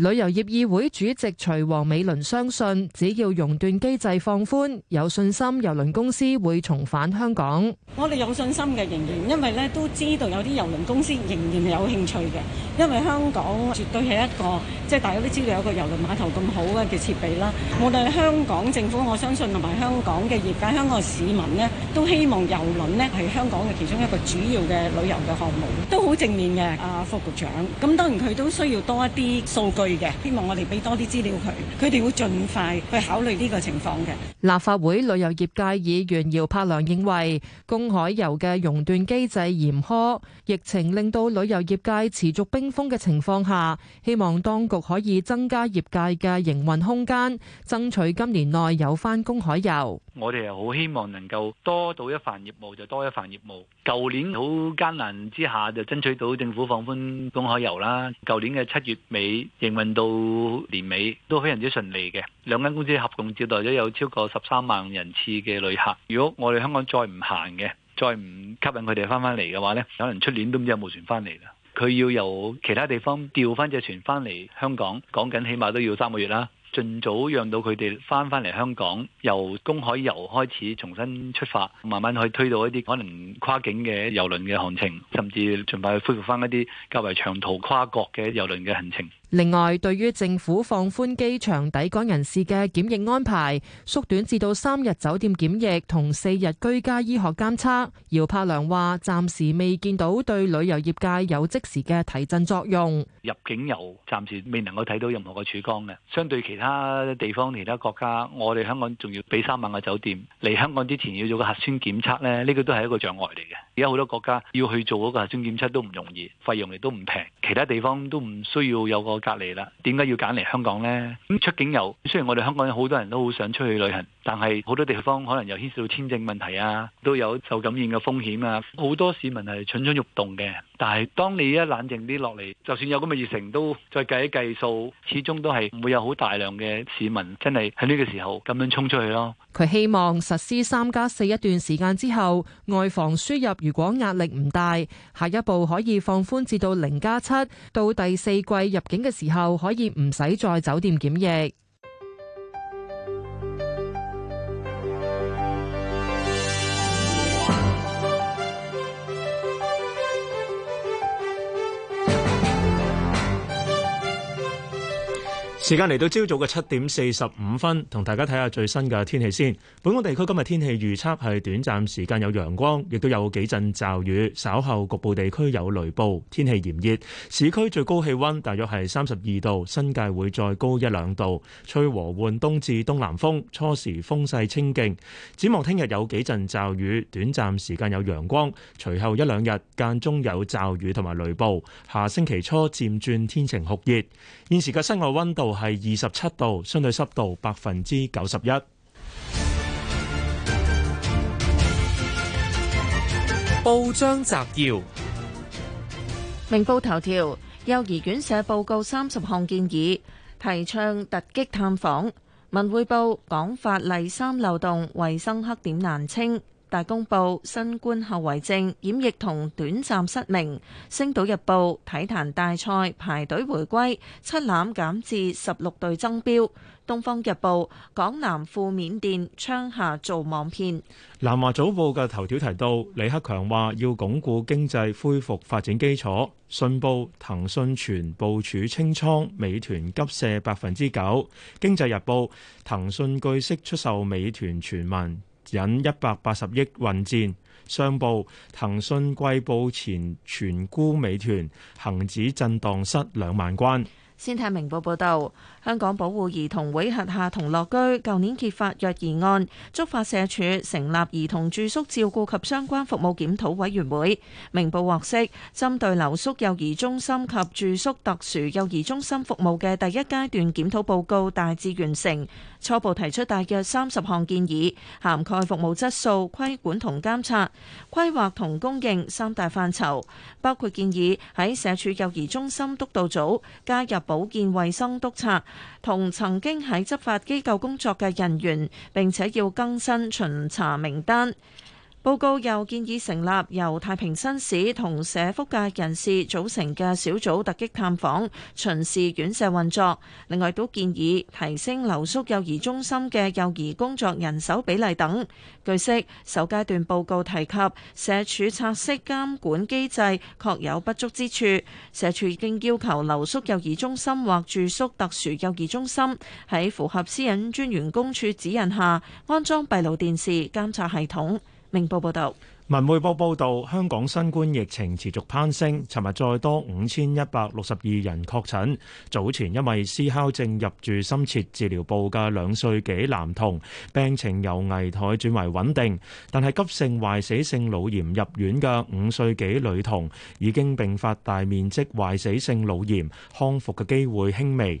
旅遊業議會主席徐王美倫相信，只要熔斷機制放寬，有信心郵輪公司會重返香港。我哋有信心嘅，仍然因為咧，都知道有啲郵輪公司仍然有興趣嘅，因為香港絕對係一個即係、就是、大家都知道有個郵輪碼頭咁好嘅嘅設備啦。我哋香港政府我相信同埋香港嘅業界、香港嘅市民咧，都希望郵輪咧係香港嘅其中一個主要嘅旅遊嘅項目，都好正面嘅。啊副局長，咁當然佢都需要多一啲數據。嘅希望，我哋俾多啲資料佢，佢哋會盡快去考慮呢個情況嘅。立法會旅遊業界議員姚柏良認為，公海遊嘅熔斷機制嚴苛，疫情令到旅遊業界持續冰封嘅情況下，希望當局可以增加業界嘅營運空間，爭取今年內有返公海遊。我哋又好希望能夠多到一份業務就多一份業務，舊年好艱難之下就爭取到政府放寬公海遊啦。舊年嘅七月尾營運到年尾都非常之順利嘅。兩間公司合共接待咗有超過十三萬人次嘅旅客。如果我哋香港再唔行嘅，再唔吸引佢哋翻返嚟嘅話咧，可能出年都唔知有冇船翻嚟啦。佢要由其他地方調翻隻船翻嚟香港，講緊起碼都要三個月啦。盡早讓到佢哋翻翻嚟香港，由公海遊開始重新出發，慢慢去推到一啲可能跨境嘅遊輪嘅行程，甚至儘快恢復翻一啲較為長途跨國嘅遊輪嘅行程。另外，對於政府放寬機場抵港人士嘅檢疫安排，縮短至到三日酒店檢疫同四日居家醫學監測，姚柏良話：暫時未見到對旅遊業界有即時嘅提振作用。入境遊暫時未能夠睇到任何嘅曙光嘅，相對其他地方、其他國家，我哋香港仲要俾三萬個酒店嚟香港之前要做個核酸檢測呢，呢個都係一個障礙嚟嘅。而家好多國家要去做嗰個核酸檢測都唔容易，費用亦都唔平，其他地方都唔需要有個隔離啦，點解要揀嚟香港咧？咁出境遊雖然我哋香港有好多人都好想出去旅行，但係好多地方可能又牽涉到簽證問題啊，都有受感染嘅風險啊，好多市民係蠢蠢欲動嘅。但係，當你一冷靜啲落嚟，就算有咁嘅熱誠，都再計一計數，始終都係唔會有好大量嘅市民真係喺呢個時候咁樣衝出去咯。佢希望實施三加四一段時間之後，外防輸入如果壓力唔大，下一步可以放寬至到零加七，7，到第四季入境嘅時候可以唔使再酒店檢疫。時間嚟到朝早嘅七點四十五分，同大家睇下最新嘅天氣先。本港地區今日天氣預測係短暫時間有陽光，亦都有幾陣驟雨，稍後局部地區有雷暴。天氣炎熱，市區最高氣温大約係三十二度，新界會再高一兩度。吹和緩東至東南風，初時風勢清勁。展望聽日有幾陣驟雨，短暫時間有陽光，隨後一兩日間中有驟雨同埋雷暴。下星期初漸轉天晴酷熱。現時嘅室外温度，係二十七度，相對濕度百分之九十一。報章摘要：明報頭條，幼兒園社報告三十項建議，提倡突擊探訪。文匯報，講法例三漏洞，衛生黑點難清。大公報，新冠後遺症、染疫同短暫失明。星島日報，體壇大賽排隊回歸，七欖減至十六隊爭標。東方日報，港南赴緬甸槍下做網騙。南華早報嘅頭條提到，李克強話要鞏固經濟恢復發展基礎。信報，騰訊傳部署清倉，美團急瀉百分之九。經濟日報，騰訊據悉出售美團傳聞，引一百八十億混戰，商報騰訊季報前全沽美團，恆指震盪失兩萬關。先睇明報報道，香港保護兒童會轄下同樂居舊年揭發虐兒案，觸發社署成立兒童住宿照顧及相關服務檢討委員會。明報獲悉，針對留宿幼兒中心及住宿特殊幼兒中心服務嘅第一階段檢討報告大致完成。初步提出大約三十項建議，涵蓋服務質素、規管同監察、規劃同供應三大範疇，包括建議喺社署幼兒中心督導組加入保健衛生督察同曾經喺執法機構工作嘅人員，並且要更新巡查名單。報告又建議成立由太平新市同社福界人士組成嘅小組，突擊探訪，巡視院舍運作。另外，都建議提升留宿幼兒中心嘅幼兒工作人手比例等。據悉，首階段報告提及社署拆式監管機制確有不足之處，社署更要求留宿幼兒中心或住宿特殊幼兒中心喺符合私隱專員公署指引下安裝閉路電視監察系統。明報報道，文匯報報道，香港新冠疫情持續攀升，尋日再多五千一百六十二人確診。早前因為思考症入住深切治療部嘅兩歲幾男童病情由危殆轉為穩定，但係急性壞死性腦炎入院嘅五歲幾女童已經併發大面積壞死性腦炎，康復嘅機會輕微。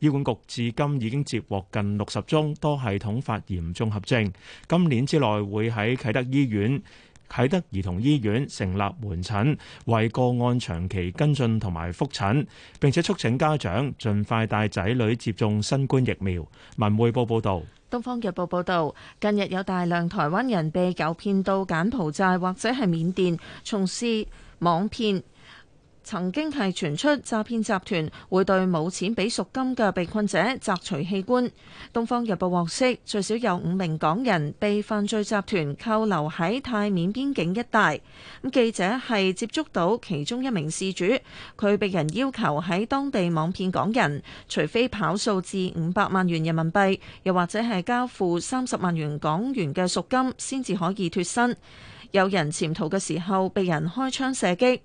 醫管局至今已經接獲近六十宗多系統發炎綜合症，今年之內會喺啟德醫院、啟德兒童醫院成立門診，為個案長期跟進同埋覆診，並且促請家長盡快帶仔女接種新冠疫苗。文匯報報道，東方日報報道，近日有大量台灣人被誘騙到柬埔寨或者係緬甸從事網騙。曾經係傳出詐騙集團會對冇錢俾贖金嘅被困者摘除器官。《東方日報》獲悉，最少有五名港人被犯罪集團扣留喺泰緬邊境一帶。咁記者係接觸到其中一名事主，佢被人要求喺當地網騙港人，除非跑數至五百萬元人民幣，又或者係交付三十萬元港元嘅贖金，先至可以脫身。有人潛逃嘅時候，被人開槍射擊。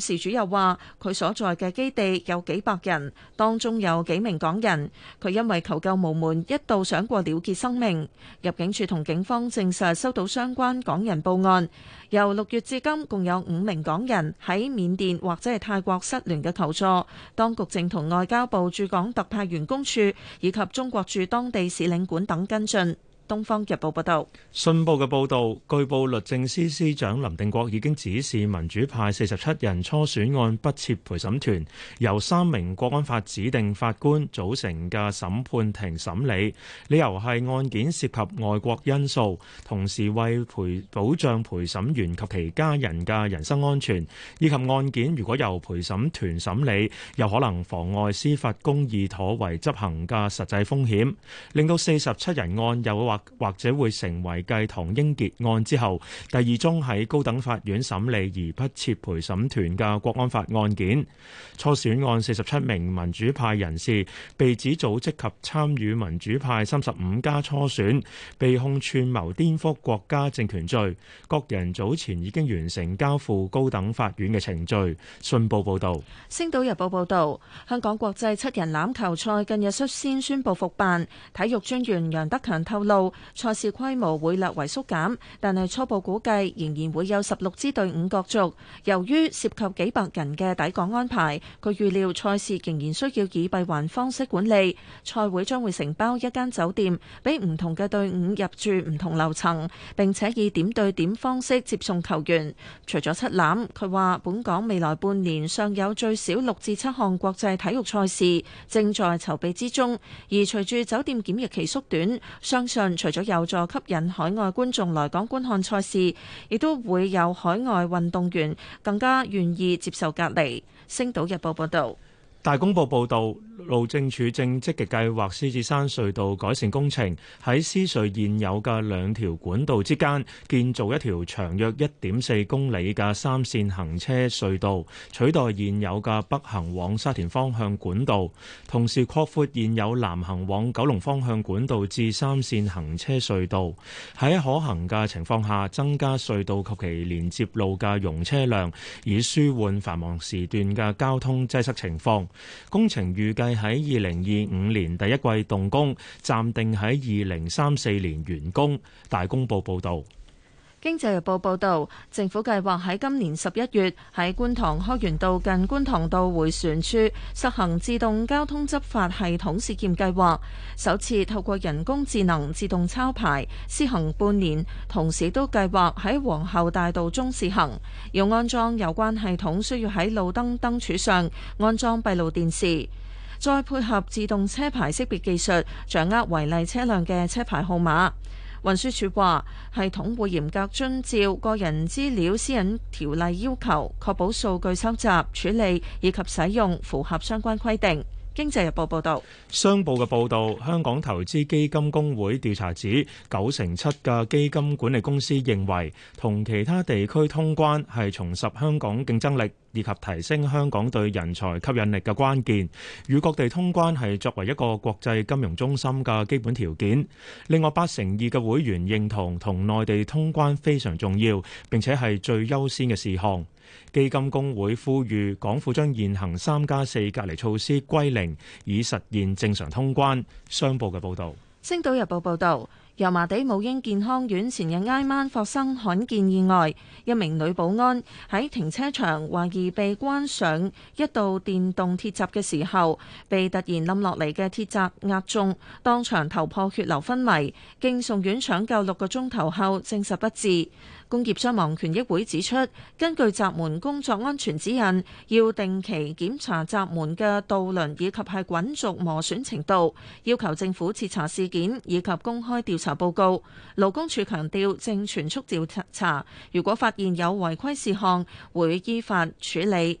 事主又話：佢所在嘅基地有幾百人，當中有幾名港人。佢因為求救無門，一度想過了結生命。入境處同警方證實收到相關港人報案，由六月至今共有五名港人喺緬甸或者係泰國失聯嘅求助，當局正同外交部駐港特派員公署以及中國駐當地使領館等跟進。《東方日報，報導》報道，信報嘅報道，據報律政司司司長林定國已經指示民主派四十七人初選案不設陪審團，由三名國安法指定法官組成嘅審判庭審理，理由係案件涉及外國因素，同時為陪保障陪審員及其家人嘅人身安全，以及案件如果由陪審團審理，又可能妨礙司法公義妥為執行嘅實際風險，令到四十七人案又會話。或者會成為繼唐英傑案之後第二宗喺高等法院審理而不設陪審團嘅國安法案件。初選案四十七名民主派人士被指組織及參與民主派三十五家初選，被控串謀顛覆國家政權罪。各人早前已經完成交付高等法院嘅程序。信報報道。《星島日報》報道，香港國際七人欖球賽近日率先宣布復辦。體育專員楊德強透露。賽事規模會略為縮減，但係初步估計仍然會有十六支隊伍角逐。由於涉及幾百人嘅抵港安排，佢預料賽事仍然需要以閉環方式管理。賽會將會承包一間酒店，俾唔同嘅隊伍入住唔同樓層，並且以點對點方式接送球員。除咗七欖，佢話本港未來半年尚有最少六至七項國際體育賽事正在籌備之中，而隨住酒店檢疫期縮短，相信。除咗有助吸引海外觀眾來港觀看賽事，亦都會有海外運動員更加願意接受隔離。星島日報報導。大公報報導，路政署正積極計劃獅子山隧道改善工程，喺獅隧現有嘅兩條管道之間建造一條長約一點四公里嘅三線行車隧道，取代現有嘅北行往沙田方向管道，同時擴闊現有南行往九龍方向管道至三線行車隧道。喺可行嘅情況下，增加隧道及其連接路嘅容車量，以舒緩繁忙時段嘅交通擠塞情況。工程預計喺二零二五年第一季動工，暫定喺二零三四年完工。大公報報道。經濟日報報道，政府計劃喺今年十一月喺觀塘開源道近觀塘道回旋處實行自動交通執法系統試驗計劃，首次透過人工智能自動抄牌，施行半年，同時都計劃喺皇后大道中試行。要安裝有關系統，需要喺路燈燈柱上安裝閉路電視，再配合自動車牌識別技術，掌握違例車輛嘅車牌號碼。運輸署話，系統會嚴格遵照個人資料私隱條例要求，確保數據收集、處理以及使用符合相關規定。《經濟日報》報道，商報嘅報道，香港投資基金公會調查指，九成七嘅基金管理公司認為，同其他地區通關係重拾香港競爭力以及提升香港對人才吸引力嘅關鍵，與各地通關係作為一個國際金融中心嘅基本條件。另外，八成二嘅會員認同同內地通關非常重要，並且係最優先嘅事項。7基金工會呼籲港府將現行三加四隔離措施歸零，以實現正常通關。商報嘅報道，《星島日報》報道，油麻地母嬰健康院前日挨晚發生罕見意外，一名女保安喺停車場懷疑被關上一道電動鐵閘嘅時候，被突然冧落嚟嘅鐵閘壓中，當場頭破血流昏迷，經送院搶救六個鐘頭後證實不治。工業傷亡權益會指出，根據閘門工作安全指引，要定期檢查閘門嘅導輪以及係滾軸磨損程度，要求政府徹查事件以及公開調查報告。勞工處強調正全速調查，如果發現有違規事項，會依法處理。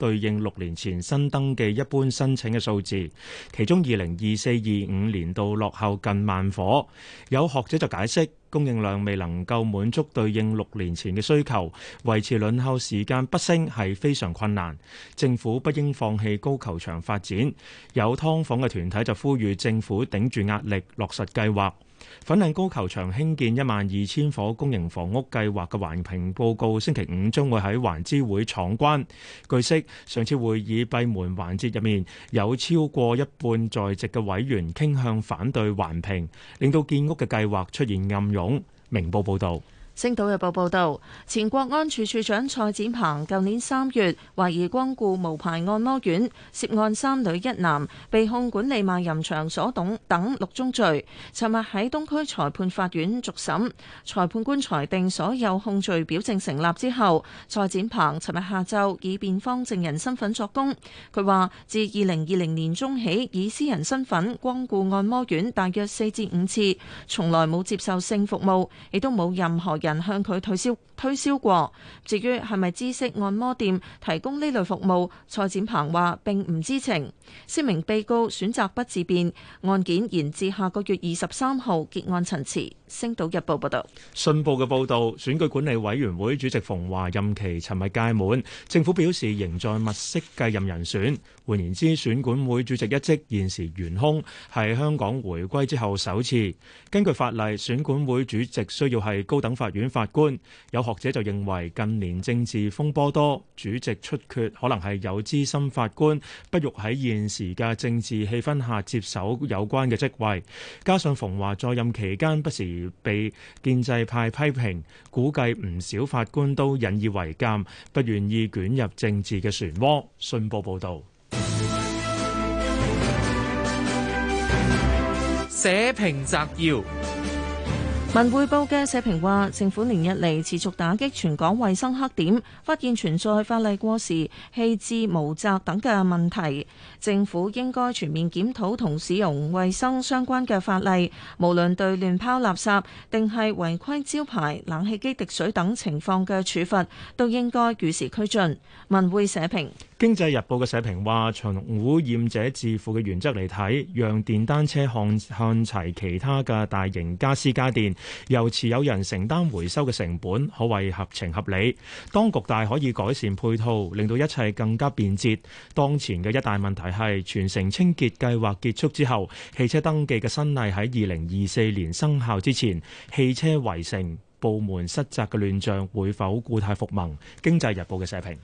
對應六年前新登記一般申請嘅數字，其中二零二四、二五年度落後近萬夥。有學者就解釋，供應量未能夠滿足對應六年前嘅需求，維持輪候時間不升係非常困難。政府不應放棄高球場發展。有劏房嘅團體就呼籲政府頂住壓力落實計劃。粉嶺高球場興建一萬二千夥公營房屋計劃嘅環評報告，星期五將會喺環谘會闖關。據悉，上次會議閉門環節入面，有超過一半在席嘅委員傾向反對環評，令到建屋嘅計劃出現暗湧。明報報道。《星島日報》報導，前國安處處長蔡展鵬，舊年三月懷疑光顧無牌按摩院，涉案三女一男，被控管理賣淫場所、等等六宗罪。尋日喺東區裁判法院續審，裁判官裁定所有控罪表證成立之後，蔡展鵬尋日下晝以辯方證人身份作供。佢話：自二零二零年中起，以私人身份光顧按摩院大約四至五次，從來冇接受性服務，亦都冇任何人人向佢推銷推銷過，至於係咪知識按摩店提供呢類服務，蔡展鵬話並唔知情。四名被告選擇不自辯，案件延至下個月二十三號結案陳詞。星島日報報道。信報嘅報導，選舉管理委員會主席馮華任期尋日屆滿，政府表示仍在物色繼任人選。換言之，選管會主席一職現時懸空，係香港回歸之後首次。根據法例，選管會主席需要係高等法院法官。有學者就認為，近年政治風波多，主席出缺可能係有資深法官不欲喺現時嘅政治氣氛下接手有關嘅職位。加上馮華在任期間不時被建制派批評，估計唔少法官都引以為鑑，不願意捲入政治嘅漩渦。信報報導。社評摘要：文匯報嘅社評話，政府連日嚟，持續打擊全港衛生黑點，發現存在法例過時、棄置無責等嘅問題。政府應該全面檢討同市容衛生相關嘅法例，無論對亂拋垃圾定係違規招牌、冷氣機滴水等情況嘅處罰，都應該與時俱進。文匯社評。《經濟日報》嘅社評話：從污染者自負嘅原則嚟睇，讓電單車向看齊其他嘅大型家私家電，由持有人承擔回收嘅成本，可謂合情合理。當局大可以改善配套，令到一切更加便捷。當前嘅一大問題係，全城清潔計劃結束之後，汽車登記嘅新例喺二零二四年生效之前，汽車圍城部門失責嘅亂象會否故態復萌？《經濟日報》嘅社評。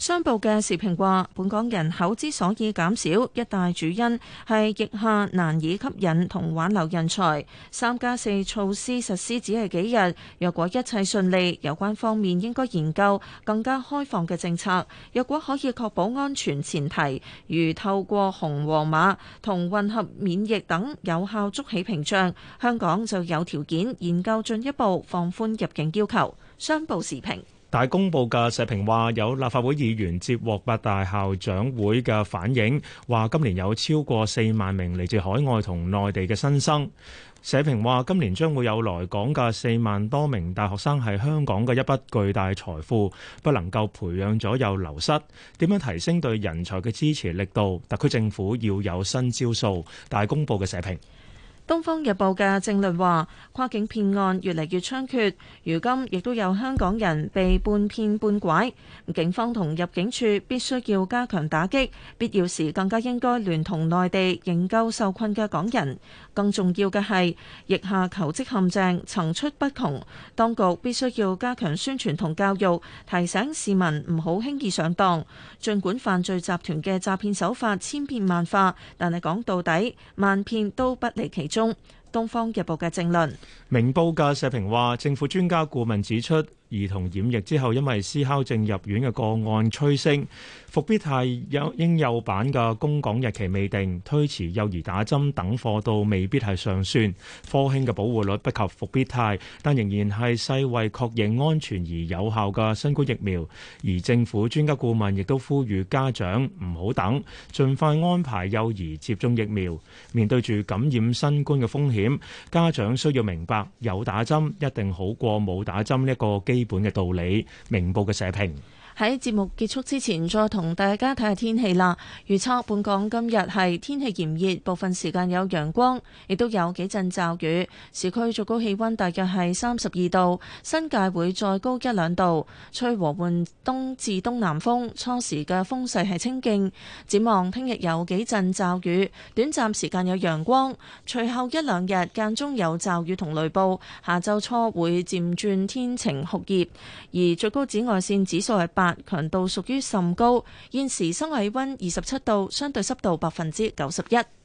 商報嘅時評話：本港人口之所以減少，一大主因係疫下難以吸引同挽留人才。三加四措施實施只係幾日，若果一切順利，有關方面應該研究更加開放嘅政策。若果可以確保安全前提，如透過紅黃碼同混合免疫等有效築起屏障，香港就有條件研究進一步放寬入境要求。商報時評。大公報嘅社評話，有立法會議員接獲八大校長會嘅反映，話今年有超過四萬名嚟自海外同內地嘅新生。社評話，今年將會有來港嘅四萬多名大學生係香港嘅一筆巨大財富，不能夠培養咗又流失，點樣提升對人才嘅支持力度？特區政府要有新招數。大公報嘅社評。《東方日報》嘅政論話：跨境騙案越嚟越猖獗，如今亦都有香港人被半騙半拐。警方同入境處必須要加強打擊，必要時更加應該聯同內地營救受困嘅港人。更重要嘅係腋下求職陷阱，層出不窮，當局必須要加強宣傳同教育，提醒市民唔好輕易上當，盡管犯罪集團嘅詐騙手法千變萬化，但係講到底，萬變都不離其中。《東方日報》嘅政論，《明報》嘅社評話政府專家顧問指出。兒童染疫之後，因為斯考正入院嘅個案趨升，復必泰有嬰幼版嘅供港日期未定，推遲幼兒打針等貨到未必係上算。科興嘅保護率不及復必泰，但仍然係世衛確認安全而有效嘅新冠疫苗。而政府專家顧問亦都呼籲家長唔好等，盡快安排幼兒接種疫苗。面對住感染新冠嘅風險，家長需要明白有打針一定好過冇打針呢一個基。基本嘅道理，明報嘅社評。喺節目結束之前，再同大家睇下天氣啦。預測本港今日係天氣炎熱，部分時間有陽光，亦都有幾陣驟雨。市區最高氣溫大約係三十二度，新界會再高一兩度。吹和緩東至東南風，初時嘅風勢係清勁。展望聽日有幾陣驟雨，短暫時間有陽光，隨後一兩日間中有驟雨同雷暴，下週初會漸轉天晴酷熱。而最高紫外線指數係八。強度屬於甚高，現時室外氣温二十七度，相對濕度百分之九十一。